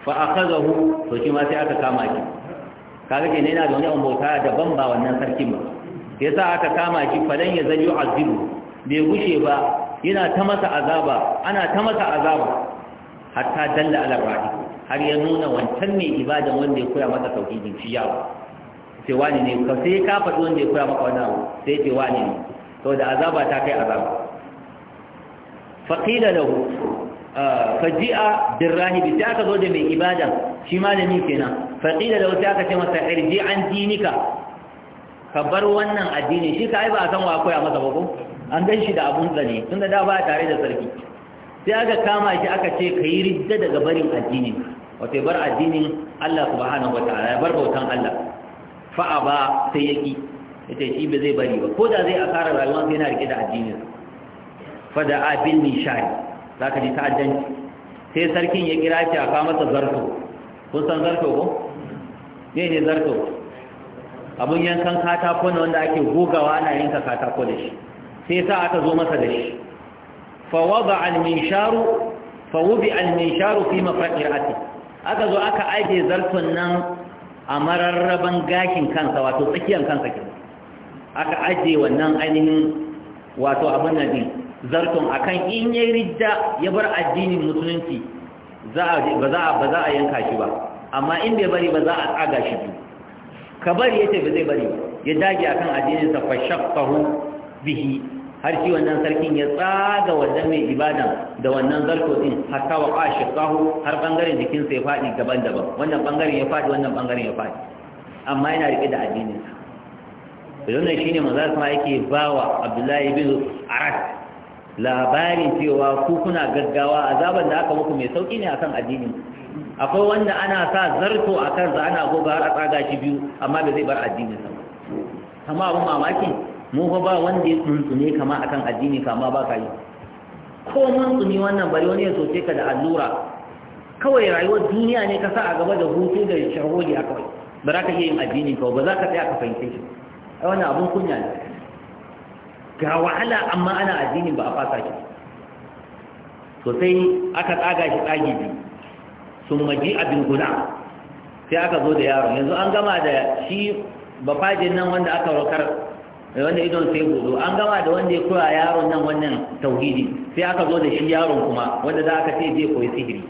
fa akhadahu to shi ma sai aka kama shi kaga kenan yana da wani ambota daban ba wannan sarkin ba Ya sa aka kama shi falan ya zalyu azibu bai gushe ba yana ta masa azaba ana ta masa azaba hatta dalla ala rahi har ya nuna wancan ne ibada wanda ya koya masa tauhidin shi yawa ce wani ne ka sai ka faɗi wanda ya koya maka wani abu sai ce wani ne to da azaba ta kai azaba faqila lahu ah, faji'a birrahibi ta ka zo da mai ibada shi malami kenan faqila lahu ta ka ce masa irji an dinika ka bar wannan addini shi ka ai ba a san wa koya masa ba ko an gan shi da abun tsane tunda da ba tare da sarki sai aka kama shi aka ce ka yi ridda daga barin addinin wato bar addinin Allah subhanahu wataala ya bar bautan Allah fa'a ba sai yaki yace shi ba zai bari ba ko da zai a asara rayuwa sai yana rike da addinin fa da abin nishai zaka ji ta'addanci sai sarkin ya kira shi a kawo masa zarto kun san zarto ko Me ne zarto abun yankan katako ne wanda ake gogawa ana yanka katako da shi sai sa aka zo masa da shi fa wada al minsharu fa wubi al minsharu fi mafaqi'ati aka zo aka aje zarton nan a mararraban gashin kansa wato tsakiyar kansa ke aka ajiye wannan ainihin wato abin na din zarton kan in ya ridda ya bar addinin musulunci ba za a yanka shi ba amma in bai bari ba za a tsaga shi ka bari ce ba zai bari ya dage akan addinin sa fashaqahu bihi har shi wannan sarkin ya tsaga wannan mai ibadan da wannan zarko din hatta wa qashiqahu har bangaren jikin ya fadi daban-daban wannan bangaren ya fadi wannan bangaren ya fadi amma yana rike da addinin sa don shi shine manzo kuma yake bawa Abdullahi bin Arad labarin cewa ku kuna gaggawa azaban da aka muku mai sauki ne akan addinin akwai wanda ana sa zarto akan sa ana goga har a tsaga shi biyu amma bai zai bar addinin sa amma abun mamaki mu fa ba wanda ya tsuntsune kama akan addini kama ba ka yi ko mun tsuni wannan bari wani ya soke ka da allura kawai rayuwar duniya ne ka sa a gaba da hutu da shahodi a kawai ba za ka iya yin addini kawai ba za ka tsaya ka fahimce shi ai wannan abun kunya ne ga wahala amma ana addinin ba a fasa shi to sai aka tsaga shi tsagi biyu sun maji abin guda sai aka zo da yaron yanzu an gama da shi bafajin nan wanda aka rokar da wanda idon sai hudu an gama da wanda ya koya yaron nan wannan tauhidi sai aka zo da shi yaron kuma wanda za aka ce zai koyi sihiri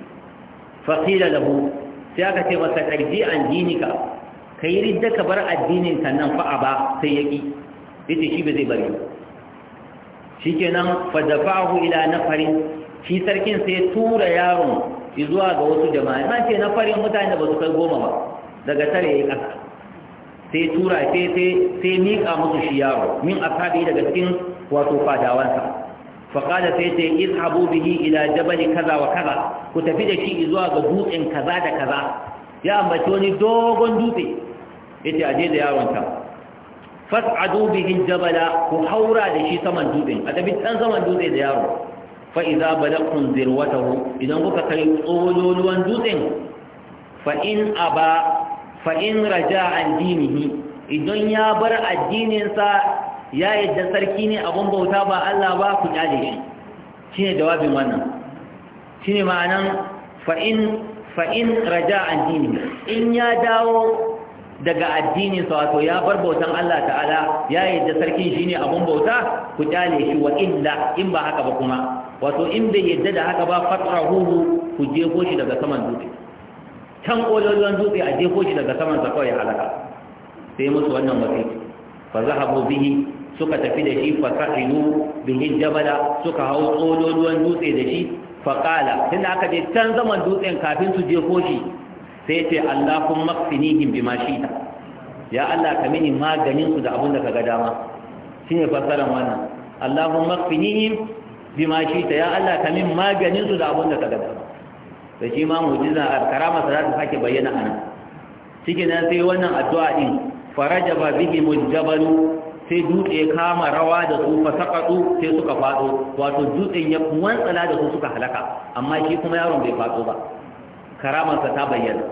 faqila lahu sai aka ce masa tarji an dinika kai ridda ka bar addinin ka nan fa'a ba sai ƙi, yace shi ba zai bari shikenan fa dafa'ahu ila nafarin shi sarkin sai tura yaron zuwa ga wasu jama'a na ce nafarin mutane da ba su kai goma ba daga tare ya yi ƙasa sai tura sai miƙa musu shi yaro min ashabi daga cikin wato fadawansa faƙada sai sai izhabu bihi ila jabali kaza wa kaza ku tafi da shi zuwa ga dutsen kaza da kaza ya ambaci wani dogon dutse yace aje da yaron ta fas'adu bihi jabala ku haura da shi saman dutsen a tafi can saman dutse da yaro fa idza balaqtum zirwatahu idan kuka kai tsololuwan dutsen fa in aba Fa'in raja addinihi idan ya bar addininsa ya yadda sarki ne abun bauta ba Allah ba ku kyale shi shine jawabin wannan shine ma'anan fa'in raja addinihi. in ya dawo daga addininsa wato ya bar bautan Allah ta'ala ya yadda sarki shi ne abun bauta ku kyale shi wa illa in ba haka ba kuma wato in bai yadda da haka ba fatrahu ku jefo shi daga saman dutse can ƙololuwan dutse a jefo shi daga saman sa kawai halaka sai musu wannan wasi fa zahabu bihi suka tafi da shi fa sa'ilu bihi jabala suka hau ƙololuwan dutse da shi fa qala tunda aka je can zaman dutsen kafin su jefo shi sai ce kun qfinihim bima mashita ya Allah ka mini maganin su da abun da ka ga dama shine fassaran wannan kun qfinihim bima mashita ya Allah ka min maganin su da abun da ka ga dama da shi ma mu'jiza a karama sa ta sake bayyana ana cikin nan sai wannan addu'a din ba bihi mujjabalu sai dutse kama rawa da su fa saqatu sai suka fado wato dutsen ya wantsala da su suka halaka amma shi kuma yaron bai fado ba karamar sa ta bayyana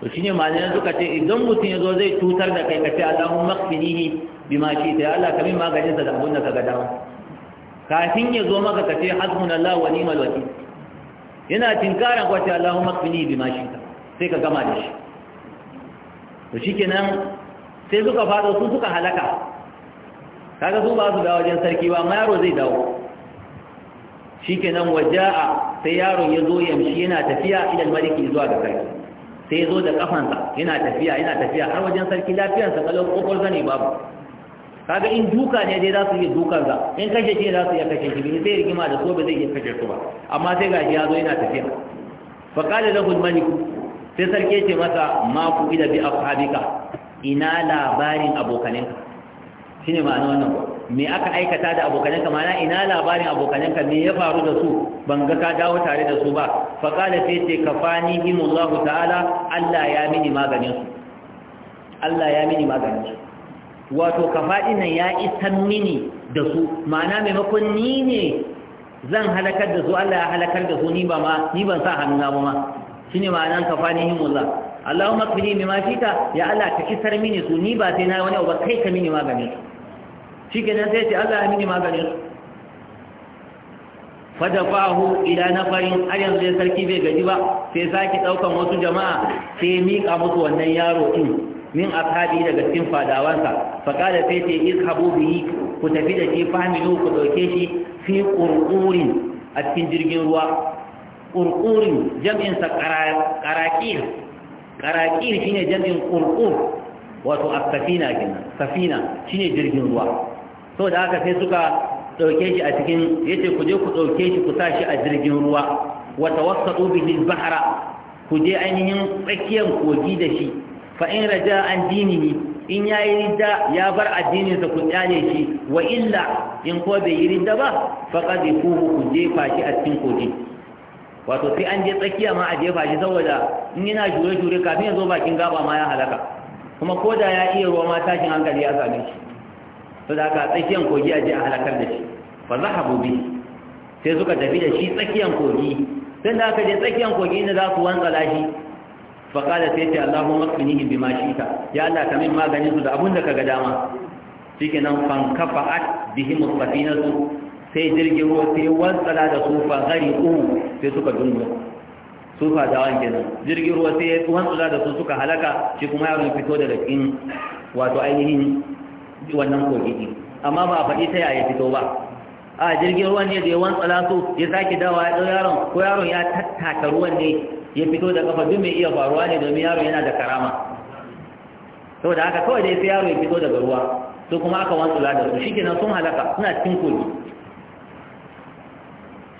to shine malaman suka ce idan mutum yazo zai tutar da kai ka ce Allahumma maghfirini bima shi ta Allah kamin maganin sa da abun da ga dama kafin ya zo maka ka ce hasbunallahu wa ni'mal wakeel yana tinkaran kwace Allahumma qini bima shita sai ka gama da shi to shikenan sai suka fado su suka halaka kaga su ba su da wajen sarki ba amma yaro zai dawo shikenan waja'a sai yaron ya zo yamshi yana tafiya ila maliki zuwa ga sarki sai ya zo da kafansa yana tafiya yana tafiya har wajen sarki lafiyarsa kalau kokol zane babu kaga in duka ne dai za su iya dukan sa in kashe shi za su iya kashe shi bai sai rigima da so ba zai iya kashe su ba amma sai gashi ya zo yana tafiya fa qala lahu al-malik sai sarki ce masa ma ku ila bi ashabika ina labarin Shi shine ma'ana wannan me aka aikata da abokaninka mana ina labarin abokaninka me ya faru da su ban ga ka dawo tare da su ba fa qala sai ce fani himullahu ta'ala Allah ya mini maganin su Allah ya mini maganin su wato kafaɗi nan ya isan mini da su ma'ana maimakon ni ne zan halakar da su Allah ya halakar da su ni ba ma ni ban sa hannu na ba ma shine ma'anan kafanihim Allah Allahumma ne mimma fita ya Allah ka isar mini su ni ba sai na wani ba kai ka mini maganin su shikenan sai ce Allah ya mini maganin su fadafahu ila nafarin har yanzu dai sarki bai gaji ba sai sake ɗaukan wasu jama'a sai miƙa musu wannan yaro ɗin. min ashabi daga cikin fadawansa fa kada sai ce izhabu bihi ku tafi da shi fahiminu ku dauke shi fi qurqurin a cikin jirgin ruwa qurqurin jam'in sa qaraqir qaraqir shine jam'in qurqur wato as-safina kenan safina shine jirgin ruwa so da haka sai suka dauke shi a cikin yace ku je ku dauke shi ku sa shi a jirgin ruwa wa tawassatu bihi al-bahra ku je ainihin tsakiyar kogi da shi fa in raja an dinihi in ya yi ridda ya bar addinin sa ku tsale shi wa illa in ko bai yi ridda ba faqad yuhu ku jefa shi a cikin kogi wato sai an je tsakiya ma a jefa shi saboda in yana jure jure kafin ya zo bakin gaba ma ya halaka kuma ko da ya iya ruwa ma tashin hankali ya same shi to da ka tsakiyan kogi a je a halakar da shi fa zahabu bi sai suka tafi da shi tsakiyan kogi sai da aka je tsakiyan kogi ne za su wanzala shi faƙada sai ce Allahun matsunihin bi mashita ya Allah ka min maganin su da abun da ka ga dama shi ke nan fanka fa'ad bihi mustafi su sai jirgin ruwa sai wantsala da su fa gari uku sai suka dunga su fa da wanke nan jirgin ruwa sai wantsala da su suka halaka shi kuma yaron fito daga cikin wato ainihin wannan kogi amma ba a faɗi ta yaya fito ba a jirgin ruwan ne da ya wantsala su ya sake dawa ya ɗau yaron ko yaron ya tattaka ruwan ne ya fito da kafa duk mai iya faruwa ne domin yaro yana da karama da haka kawai dai sai yaro ya fito daga ruwa su kuma aka wantsula da su shikenan sun halaka suna cikin kogi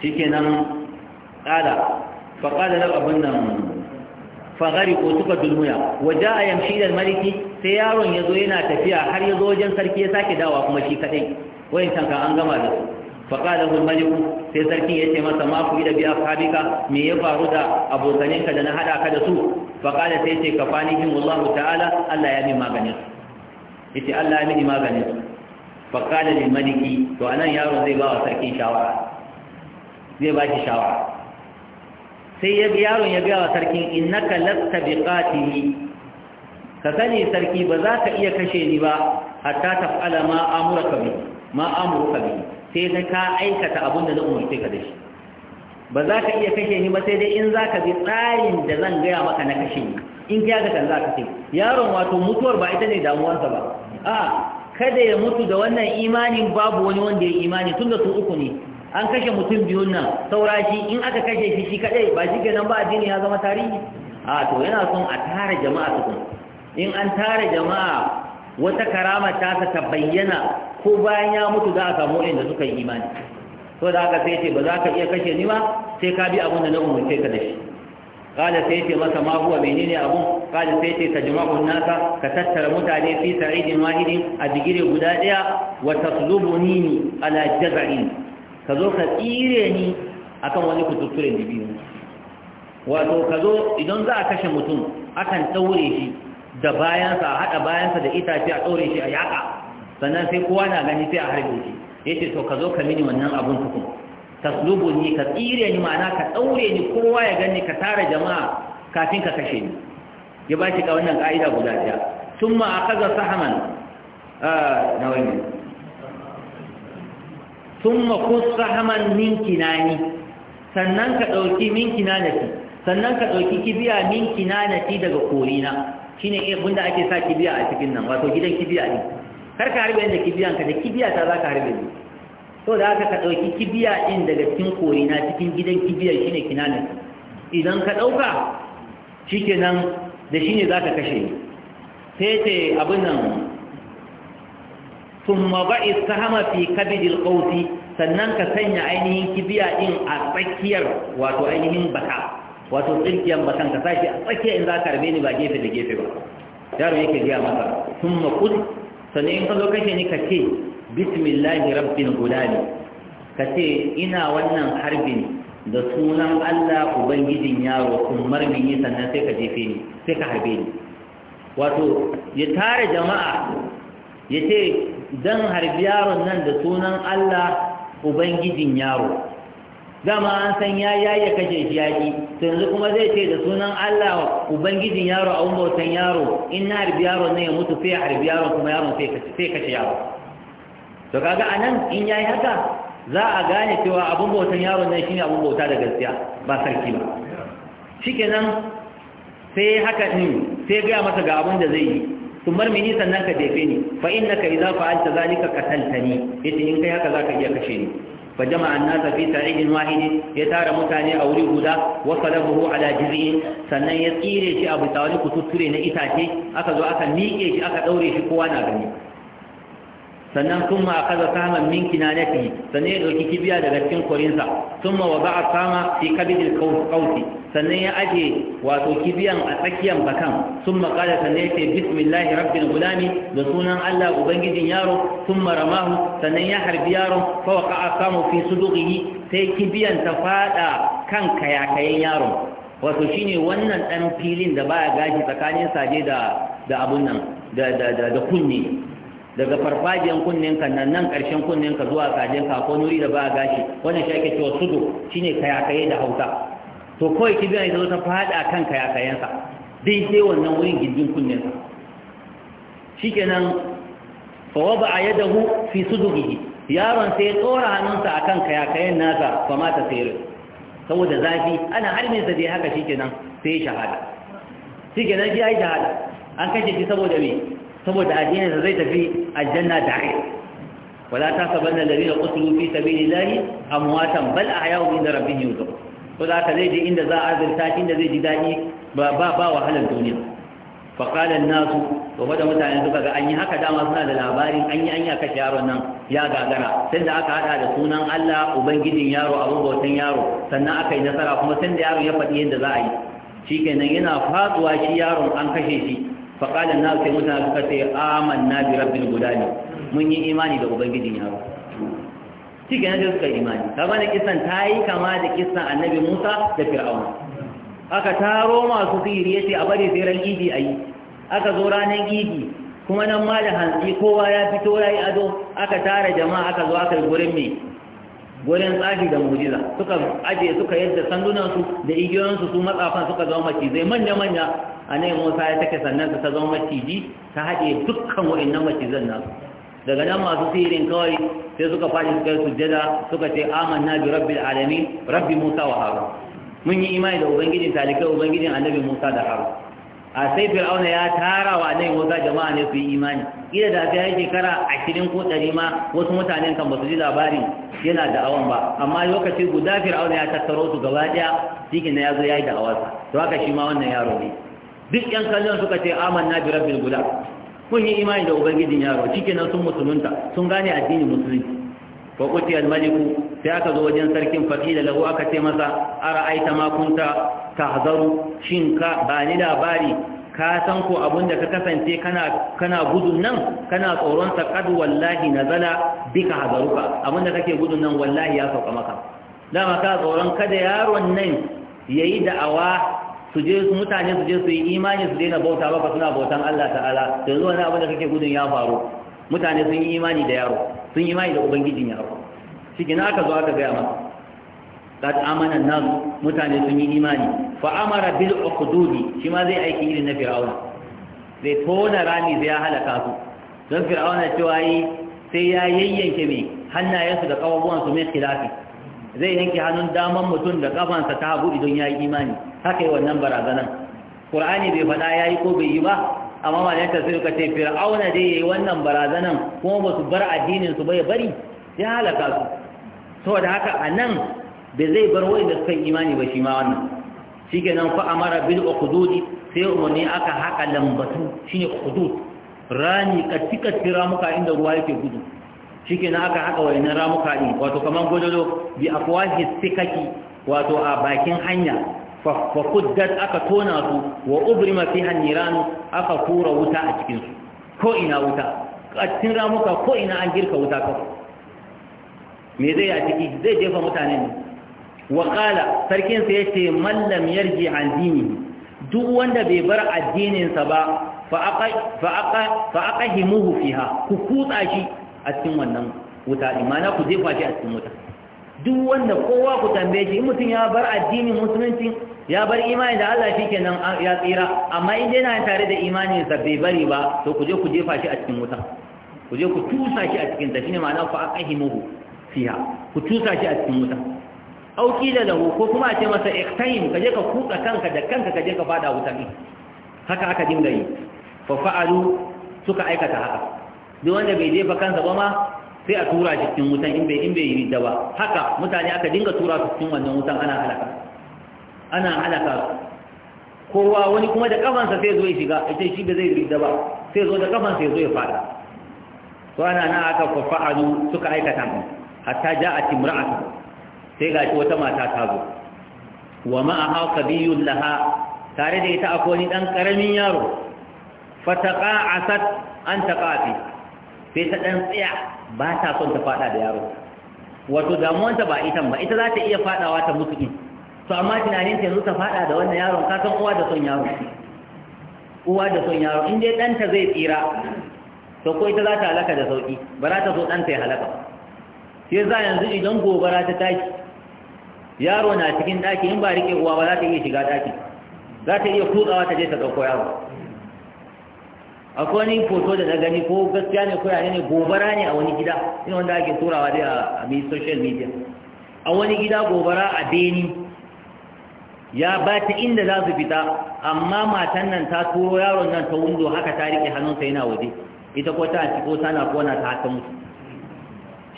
shikenan qala fa qala na abun nan fa ko suka dulmuya wa jaa yamshi maliki sai yaron yazo yana tafiya har ya zo wajen sarki ya sake dawa kuma shi kadai wayin tanka an gama da su faƙalahu maliku sai sarkin ya ce masa ma ku ida bi ashabika me ya faru da abokaninka da na haɗa ka da su faƙala sai ce ka fanihim wallahu ta'ala Allah ya min maganin su ita Allah ya min maganin su faƙala ne maliki to a nan yaro zai ba wa sarki shawara zai ba shi shawara sai ya yaron ya ga wa sarkin kalasta lasta biqatihi ka sani sarki ba za ka iya kashe ni ba hatta ta taf'ala ma amurka bi ma amurka bi sai na ka aikata abin da na umarce ka da shi ba za ka iya kashe ni ba sai dai in za ka bi tsarin da zan gaya maka na kashe ni in ka yaga za ka ce yaron wato mutuwar ba ita ne damuwarsa ba a kada ya mutu da wannan imanin babu wani wanda ya imani tunda su uku ne an kashe mutum biyun nan saura in aka kashe shi shi kadai ba shi kenan ba addini ya zama tarihi a to yana son a tara jama'a tukun in an tara jama'a wata karama ta ta bayyana ko bayan ya mutu za a samu da suka yi imani to da aka sai ce ba za ka iya kashe ni ba sai ka bi abin da na umarce ka da shi Kada sai ce masa ma huwa menene abun kada sai ce jima'u nasa ka tattara mutane fi sa'idin wahidin a digire guda daya wa ni, ala jaz'in ka zo ka tsire ni akan wani kututturen biyu. wato ka zo idan za a kashe mutum akan taure shi da bayansa a haɗa bayansa da itace a ɗore shi a yaƙa sannan sai kowa na gani sai a harbe shi ya ce to ka zo ka mini wannan abun tukun taslubu ni ka tsire ni ma'ana ka ɗaure ni kowa ya gani ka tara jama'a kafin ka kashe ni ya ba shi ka wannan ƙa'ida guda ɗaya sun ma a kaza sahaman ah, na wani sun ma ku sahaman min kinani sannan ka ɗauki min kinanati sannan ka ɗauki kibiya min kinanati daga korina ne eh da ake sa kibiya a cikin nan wato gidan kibiya ne kar ka harbe da kibiyan ka da kibiya ta za ka harbe ne so da aka ka dauki kibiya ɗin daga cikin kori na cikin gidan kibiyar shine kinanin idan ka ɗauka shikenan da za kashe sai ce abin nan thumma ba'i sahama fi kabidil qawsi sannan ka sanya ainihin kibiya ɗin a tsakiyar wato ainihin baka wato tsinkiyan ba kanka sashi a tsakiya in za ka harbe ni ba gefe da gefe ba yaro yake gaya masa sun maƙud sannan in ka zo kashe ni ka ce bismillahi rabbin gudani ka ce ina wannan harbin da sunan allah ubangijin yaro sun marmin yi sannan sai ka jefe ni sai ka harbe ni wato ya tara jama'a ya ce don harbi yaron nan da sunan allah ubangijin yaro dama an san ya yaye kashe shi yaƙi to yanzu kuma zai ce da sunan Allah ubangijin yaro a bautan yaro in na harbi yaro ne ya mutu sai harbi yaro kuma yaro sai kashe yaro to kaga anan in yayi haka za a gane cewa abun bautan yaro ne shine abun bauta da gaskiya ba sarki ba shikenan sai haka din sai ga masa ga abun da zai yi to mar mini sannan ka jefe ni fa innaka idza fa'alta zalika qataltani yace in kai haka zaka iya kashe ni fa jama'a an-nasa fi sa'idin wahid ya tara mutane a wuri guda wa qalabuhu ala jiz'in sannan ya tsire shi a tawali kututture na itace aka zo aka miƙe shi aka ɗaure shi kowa na gani sannan sun ma kaza saman min kinanati sannan ya dauki kibiya daga cikin kwarinsa, sun ma wa ba'a sama fi kabidil qawsi sannan ya aje wato kibiyan a tsakiyan bakan sun makala sannan ya ce bismillahi rabbin gulami da sunan Allah ubangijin yaro sun maramahu sannan ya harbi yaron fawaka a samu fi su sudugihi sai kibiyan ta faɗa kan kayakayen yaro". wato shine wannan dan filin da baya gashi tsakanin saje da da abun nan da kunne daga farfajiyan kunnen ka nan nan karshen kunnen ka zuwa sajen ka ko nuri da ba gashi wannan shi ake cewa sudu shine kayakaye da hausa to kawai kibiya ita zo ta faɗa kan dai sai wannan wurin gindin kunnensa shikenan fa yadda yadahu fi sudugihi yaron sai ya tsora hannunsa akan kayakayen nasa fa mata sayru saboda zafi ana harbin sa dai haka shikenan sai shahada shikenan shi ai shahada an kashe shi saboda me saboda addinin zai tafi aljanna da ai wala tasabanna alladhina qutilu fi sabilillahi amwatan bal ahya'u inda rabbihim yurzaqun ko za ka zai je inda za a azurta inda zai ji daɗi ba ba wahalar duniya faƙalar nasu to wadda mutane suka ga an yi haka dama suna da labarin an yi an yi kashe yaron nan ya gagara sai da aka haɗa da sunan allah ubangijin yaro abin bautan yaro sannan aka yi nasara kuma sai da yaron ya faɗi yadda za a yi shi kenan yana faɗuwa shi yaron an kashe shi faƙalar nasu sai mutane suka ce amanna bi rabbil gudani mun yi imani da ubangijin yaro shi ga yanzu suka imani kama bane kisan ta yi kama da kisan annabi musa da fir'auna aka taro masu sihiri ya ce a bari tseren idi a yi aka zo ranar idi kuma nan ma da hantsi kowa ya fito ya yi ado aka tara jama'a aka zo aka yi gurin mai gurin tsafi da mujiza suka aje suka yadda sandunansu da igiyoyinsu su matsafan suka zama macizai manya-manya a nan musa ya take sannan su ta zama maciji ta haɗe dukkan wa'in macizan nasu daga nan masu sihirin kawai sai suka faɗi suka yi sujjada suka ce na bi rabbi alamin rabbi musa wa Haru. mun yi imani da ubangijin talikai ubangijin annabi musa da Haru. a sai fir'auna ya tara wa annabi musa jama'a ne su yi imani ida da sai yi shekara ashirin ko ɗari ma wasu mutanen kan ba su ji labarin yana da awon ba amma lokaci guda fir'auna ya tattaro su gaba ɗaya cikin na ya zo ya yi da awarsa to haka shi ma wannan yaro ne duk 'yan kallon suka ce amanna bi rabbil gulab kun yi imani da ubangijin yaro shikenan sun musulunta sun gane addinin musulunci wa kuti almaliku sai aka zo wajen sarkin faqila lahu aka ce masa aita ma kunta tahzaru shin ka ba ni labari ka san ko abinda ka kasance kana kana gudun nan kana tsoron sa kad wallahi nazala bika hazaruka abinda kake gudun nan wallahi ya sauka maka dama ka tsoron kada yaron nan yayi da'awa su je su mutane su je su yi imani su daina bauta maka suna bautan Allah ta'ala da zuwa na abin da kake gudun ya faru mutane sun yi imani da yaro sun yi imani da ubangijin yaro shi kina aka zo aka gaya maka kad amana nan mutane sun yi imani fa amara bil uqdudi shi ma zai aiki irin na fir'auna zai tona rami zai halaka su don fir'auna cewa yi sai ya yayyanke mai hannayensu da kawabuwansu mai khilafi zai yanke hannun daman mutum da kafansa ta hagu idan ya yi imani haka yi wannan barazanan ƙur'ani bai faɗa ya yi ko bai yi ba amma malayan tafsir ka ce fir'auna dai ya yi wannan barazanan kuma ba su bar addinin su bai bari ya halaka su da haka a nan bai zai bar waɗanda suka yi imani ba shi ma wannan shi ke nan fa amara bil uqdudi sai umarni aka haka lambatu shine uqdud rani katika ramuka inda ruwa yake gudu shike na aka haka wayannan ramuka din wato kaman godolo bi afwahi sikaki wato a bakin hanya fa kuddat aka tona su wa ubrima fiha niran aka kura wuta a cikin su ko ina wuta a cikin ramuka ko ina an girka wuta kawai me zai a ciki zai jefa mutane ne wa qala sarkin sa yace man lam yarji an dini duk wanda bai bar addinin sa ba fa aqa fa aqa fa aqahimuhu fiha ku kutsa shi a cikin wannan wuta imana ku jefa shi a cikin wuta duk wanda kowa ku tambaye shi in mutum ya bar addinin musulunci ya bar imani da Allah shi kenan ya tsira amma in dai na tare da imani sa bai bari ba to ku je ku jefa shi a cikin wuta ku je ku tusa shi a cikin ta shine ma'ana ku aqahimuhu fiha ku tusa shi a cikin wuta auki da lahu ko kuma a ce masa iqtahim ka je ka kuka kanka da kanka ka je ka fada wuta ne haka aka dinga yi fa fa'alu suka aikata haka duk wanda bai jefa kansa ba ma sai a tura shi cikin wutan in bai yi bai ba haka mutane aka dinga tura su cikin wannan wutan ana halaka ana halaka kowa wani kuma da kafansa sai zo ya shiga ita shi ba zai yi ba sai zo da kafansa ya zo ya fada to ana nan aka fa'alu suka aikata mu hatta a imra'atu sai gashi wata mata ta zo wa ma'aha qabiyun laha tare da ita akwai wani dan karamin yaro fataqa'asat an taqati sai ta ɗan tsaya ba ta son ta faɗa da yaro wato damuwanta ba ita ba ita za ta iya faɗawa ta mutu in to amma tunanin ta yanzu ta faɗa da wannan yaron ka san uwa da son yaro uwa da son yaro in dai ɗanta zai tsira to ko ita za ta halaka da sauƙi ba za ta so ɗanta ya halaka sai za yanzu idan gobara ta tashi yaro na cikin ɗaki in ba riƙe uwa ba za ta iya shiga ɗaki za ta iya kutsawa ta je ta ɗauko yaro akwai wani foto da na gani ko gaskiya ne ko koya ne gobara ne a wani gida ina wanda ake turawa dai a social media a wani gida gobara a beni ya ba ta inda za su fita amma matan nan ta turo yaron nan ta wundo haka ta rike hannunsa yana waje ita ko ta ciko tana na ta haka mutu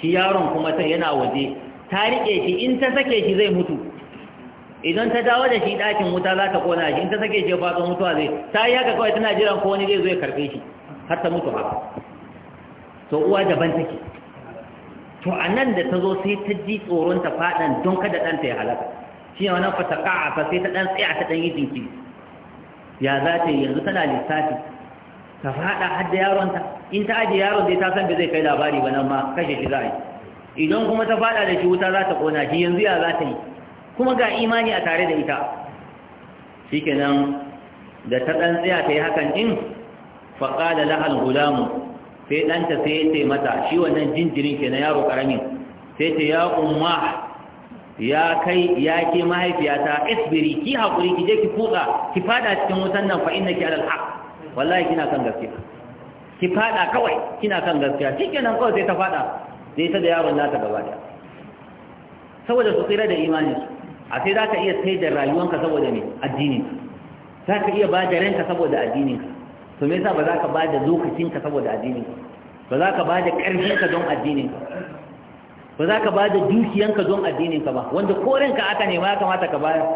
shi yaron kuma ta yana waje ta rike shi in ta sake shi zai mutu idan ta dawo da shi ɗakin wuta za ta kona shi in ta sake shi faɗo mutuwa zai ta yi haka kawai tana jiran ko wani zai zo ya karɓe shi har ta mutu haka to uwa daban take to a nan da ta zo sai ta ji tsoron ta faɗan don kada ɗan ta ya halaka shi ne wannan fata ƙa'afa sai ta ɗan tsaya ta ɗan yi jinkiri ya za ta yi yanzu tana lissafi ta faɗa har da ta. in ta ajiye yaron zai ta san bai zai kai labari ba nan ma kashe shi za a yi idan kuma ta faɗa da shi wuta za ta ƙona shi yanzu ya za ta yi kuma ga imani a tare da ita shikenan da ta ɗan tsaya ta yi hakan din faƙa da lahal guda mu, sai ɗanta sai ya mata shi wannan jinjirin na yaro ƙaramin, sai ce ya umma ya kai ya ke mahaifiyata isbiri ki haƙuri ki je ki kutsa ki fada cikin wutan nan fa innaki alal wallahi kina kan gaskiya ki fada kawai kina kan gaskiya shikenan kawai sai ta fada sai ta da yaron nata gaba daya saboda su tsira da imanin su a sai za ka iya sai da rayuwanka saboda ne addini za ka iya ba da ranka saboda addini to me yasa ba za ka ba da lokacinka saboda addini ba za ka ba da ƙarfinka don addini ba za ka ba da dukiyanka don addininka ba wanda ko ranka aka nema ya kamata ka bayar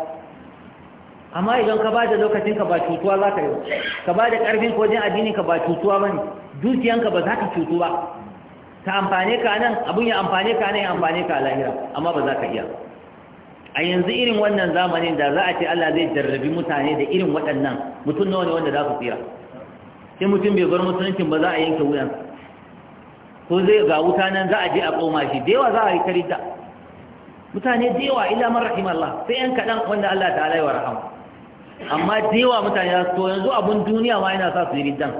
amma idan ka ba da lokacinka ba cutuwa za ka yi ka ba da ƙarfin wajen addininka ba cutuwa ba ne dukiyanka ba za ka cutu ba ta amfane ka nan abin ya amfane ka nan ya amfane ka a lahira amma ba za ka iya ba a yanzu irin wannan zamanin da za a ce Allah zai jarrabi mutane da irin waɗannan mutum nawa ne wanda za su tsira sai mutum bai bar musuluncin ba za a yanke wuyan ko zai ga wuta nan za a je a koma shi da yawa za a yi karita mutane da yawa illa man rahim Allah sai yan kaɗan wanda Allah ta'ala ya rahama amma da yawa mutane za su to yanzu abun duniya ma yana sa su yi riddan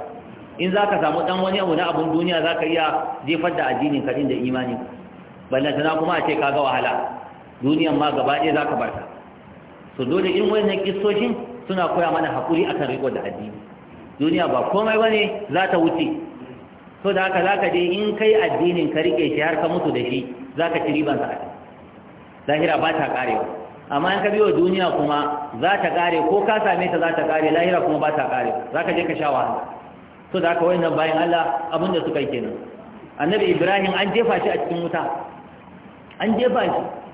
in za ka samu ɗan wani abu na abun duniya za ka iya jefar da addinin kaɗin da imani tana kuma a ce ka ga wahala duniyan ma gaba ɗaya za ka ta to dole in wannan kistocin suna koya mana haƙuri kan riko da addini duniya ba komai ne za ta wuce so da haka za ka je in kai addinin ka riƙe shi har ka mutu da shi za ka ci riban sa lahira ba ta karewa amma in ka biyo duniya kuma za ta kare ko ka same ta za ta kare lahira kuma ba ta kare ka je ka sha wahala so da haka wannan bayan Allah abin da suka yi kenan annabi Ibrahim an jefa shi a cikin wuta an jefa shi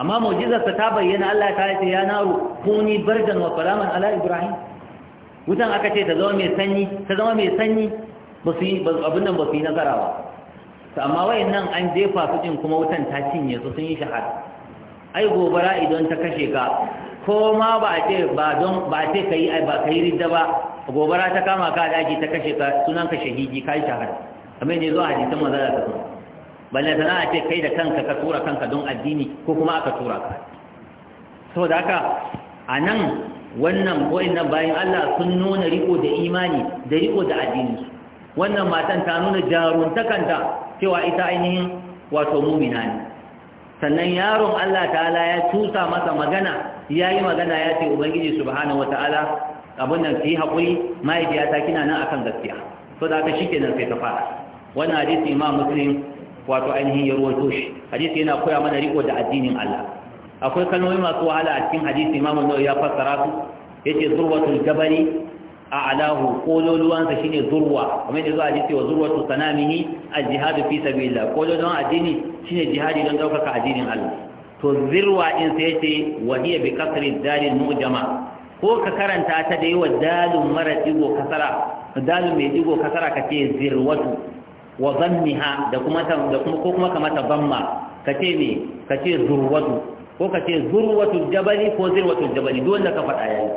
amma mu'jizarsa ta bayyana Allah ya ce ya naru kuni bardan wa salaman ala ibrahim wutan aka ce ta zama mai sanyi ta zama mai sanyi ba su yi abin nan ba su yi nazara ba to amma nan an jefa su din kuma wutan ta cinye su sun yi shahada ai gobara idan ta kashe ka ko ma ba a ce ba don ba a ce kai ai ba kai ridda ba gobara ta kama ka daki ta kashe ka sunan ka shahidi kai shahada kamar ne zuwa hadisan manzo ta balle sana a ce kai da kanka ka tura kanka don addini ko kuma aka tura ka saboda haka a nan wannan wayannan bayan Allah sun nuna riko da imani da riko da addini wannan matan ta nuna jaruntakanta cewa ita ainihin wato mumina ne sannan yaron Allah ta'ala ya tusa masa magana ya yi magana ya ce ubangiji subhanahu wata'ala abin nan ki haƙuri mahaifiya ta kina nan akan gaskiya so da aka shikenan sai ta fara wannan hadisi imam muslim wato ainihin ya ruwaito shi hadisi yana koya mana riko da addinin Allah akwai kalmomi masu wahala a cikin hadisi Imam Nawawi ya fassara su yace zurwatul jabali a alahu kololuwansa shine zurwa kuma yadda zuwa hadisi wa zurwatu sanamihi al-jihad fi sabilillah kololuwan addini shine jihadi don daukaka addinin Allah to zirwa din sai yace wa hiya bi kasri dalil mujama ko ka karanta ta da yawa dalil mara digo kasara dalil mai digo kasara kace zirwatu wa zanniha da kuma da kuma ko kuma kamata bamma kace ne kace zurwatu ko kace zurwatu jabali ko zurwatu jabali duk wanda ka faɗa yayi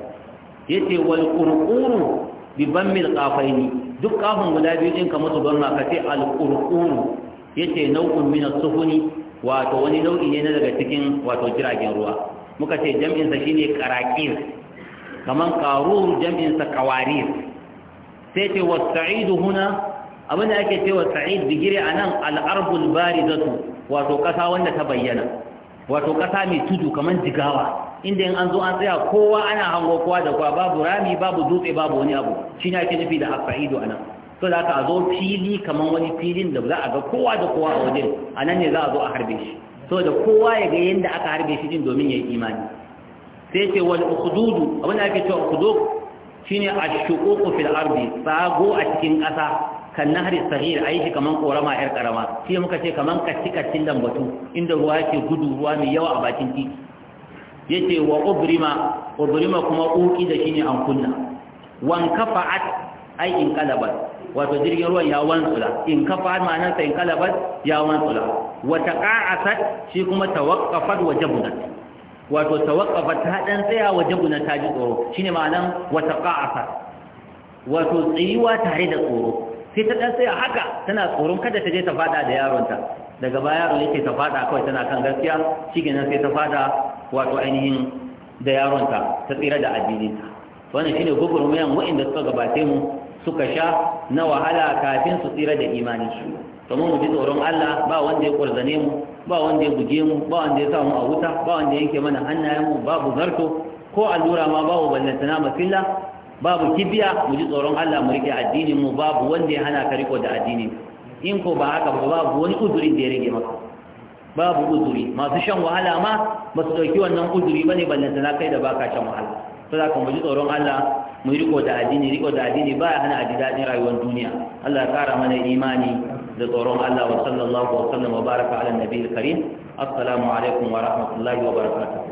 yace wal qurquru bi bammil qafaini duk kafin guda biyu din ka musu bamma kace al qurquru yace nau'un min as-sufuni wato wani nau'i ne daga cikin wato jiragen ruwa muka ce jam'in sa shine qaraqir kaman qarur jam'in sa qawarir sai ce wasta'idu huna abin da ake cewa sa'id digiri a nan al'arbul barizatu wato ƙasa wanda ta bayyana wato ƙasa mai tudu kamar jigawa inda in an zo an tsaya kowa ana hango kowa da kowa babu rami babu dutse babu wani abu shi ne ake nufi da asa'idu a nan so da aka a zo fili kamar wani filin da za a ga kowa da kowa a wajen a nan ne za a zo a harbe shi so da kowa ya ga yadda aka harbe shi din domin ya yi imani sai ce wani ukududu abin da ake cewa ukudu shine ashuququ fil ardi tsago a cikin ƙasa kan nahari sahir a yi kaman korama yar karama shi muka ce kaman kacikacin lambatu inda ruwa yake gudu ruwa mai yawa a bakin titi ya ce wa ubrima ubrima kuma uki da shi ne an kunna wan kafa'at ai in kalabat wato jirgin ruwan ya wantsula in kafa'at sa in kalabat ya wantsula wa taqa'asat shi kuma tawaqqafat wa jabunat wato tawaqqafat ta dan tsaya wa jabunat ta ji tsoro shine ma'anar wa taqa'asat wato tsayuwa tare da tsoro sai ta ɗan tsaya haka tana tsoron kada ta je ta fada da yaronta daga baya yaron yake ta fada kawai tana kan gaskiya shi nan sai ta fada wato ainihin da yaronta ta tsira da addininta wannan shine gugurmayan wa'inda suka gabace mu suka sha na wahala kafin su tsira da imani to mu ji tsoron Allah ba wanda ya kurzane mu ba wanda ya buge mu ba wanda ya samu a wuta ba wanda ya yanke mana hannayen mu babu zarto ko allura ma babu ballantana masilla babu kibiya mu ji tsoron Allah mu rike addinin mu babu wanda ya hana ka riko da addinin in ko ba haka ba babu wani uzuri da ya rage maka babu uzuri masu shan wahala ma ba su dauki wannan uzuri bane ballanta na kai da baka shan wahala to za mu ji tsoron Allah mu riko da addini riko da addini ba ya hana addini dadin rayuwar duniya Allah ya kara mana imani da tsoron Allah wa sallallahu wa sallam wa baraka ala nabiyil karim assalamu alaikum wa rahmatullahi wa barakatuh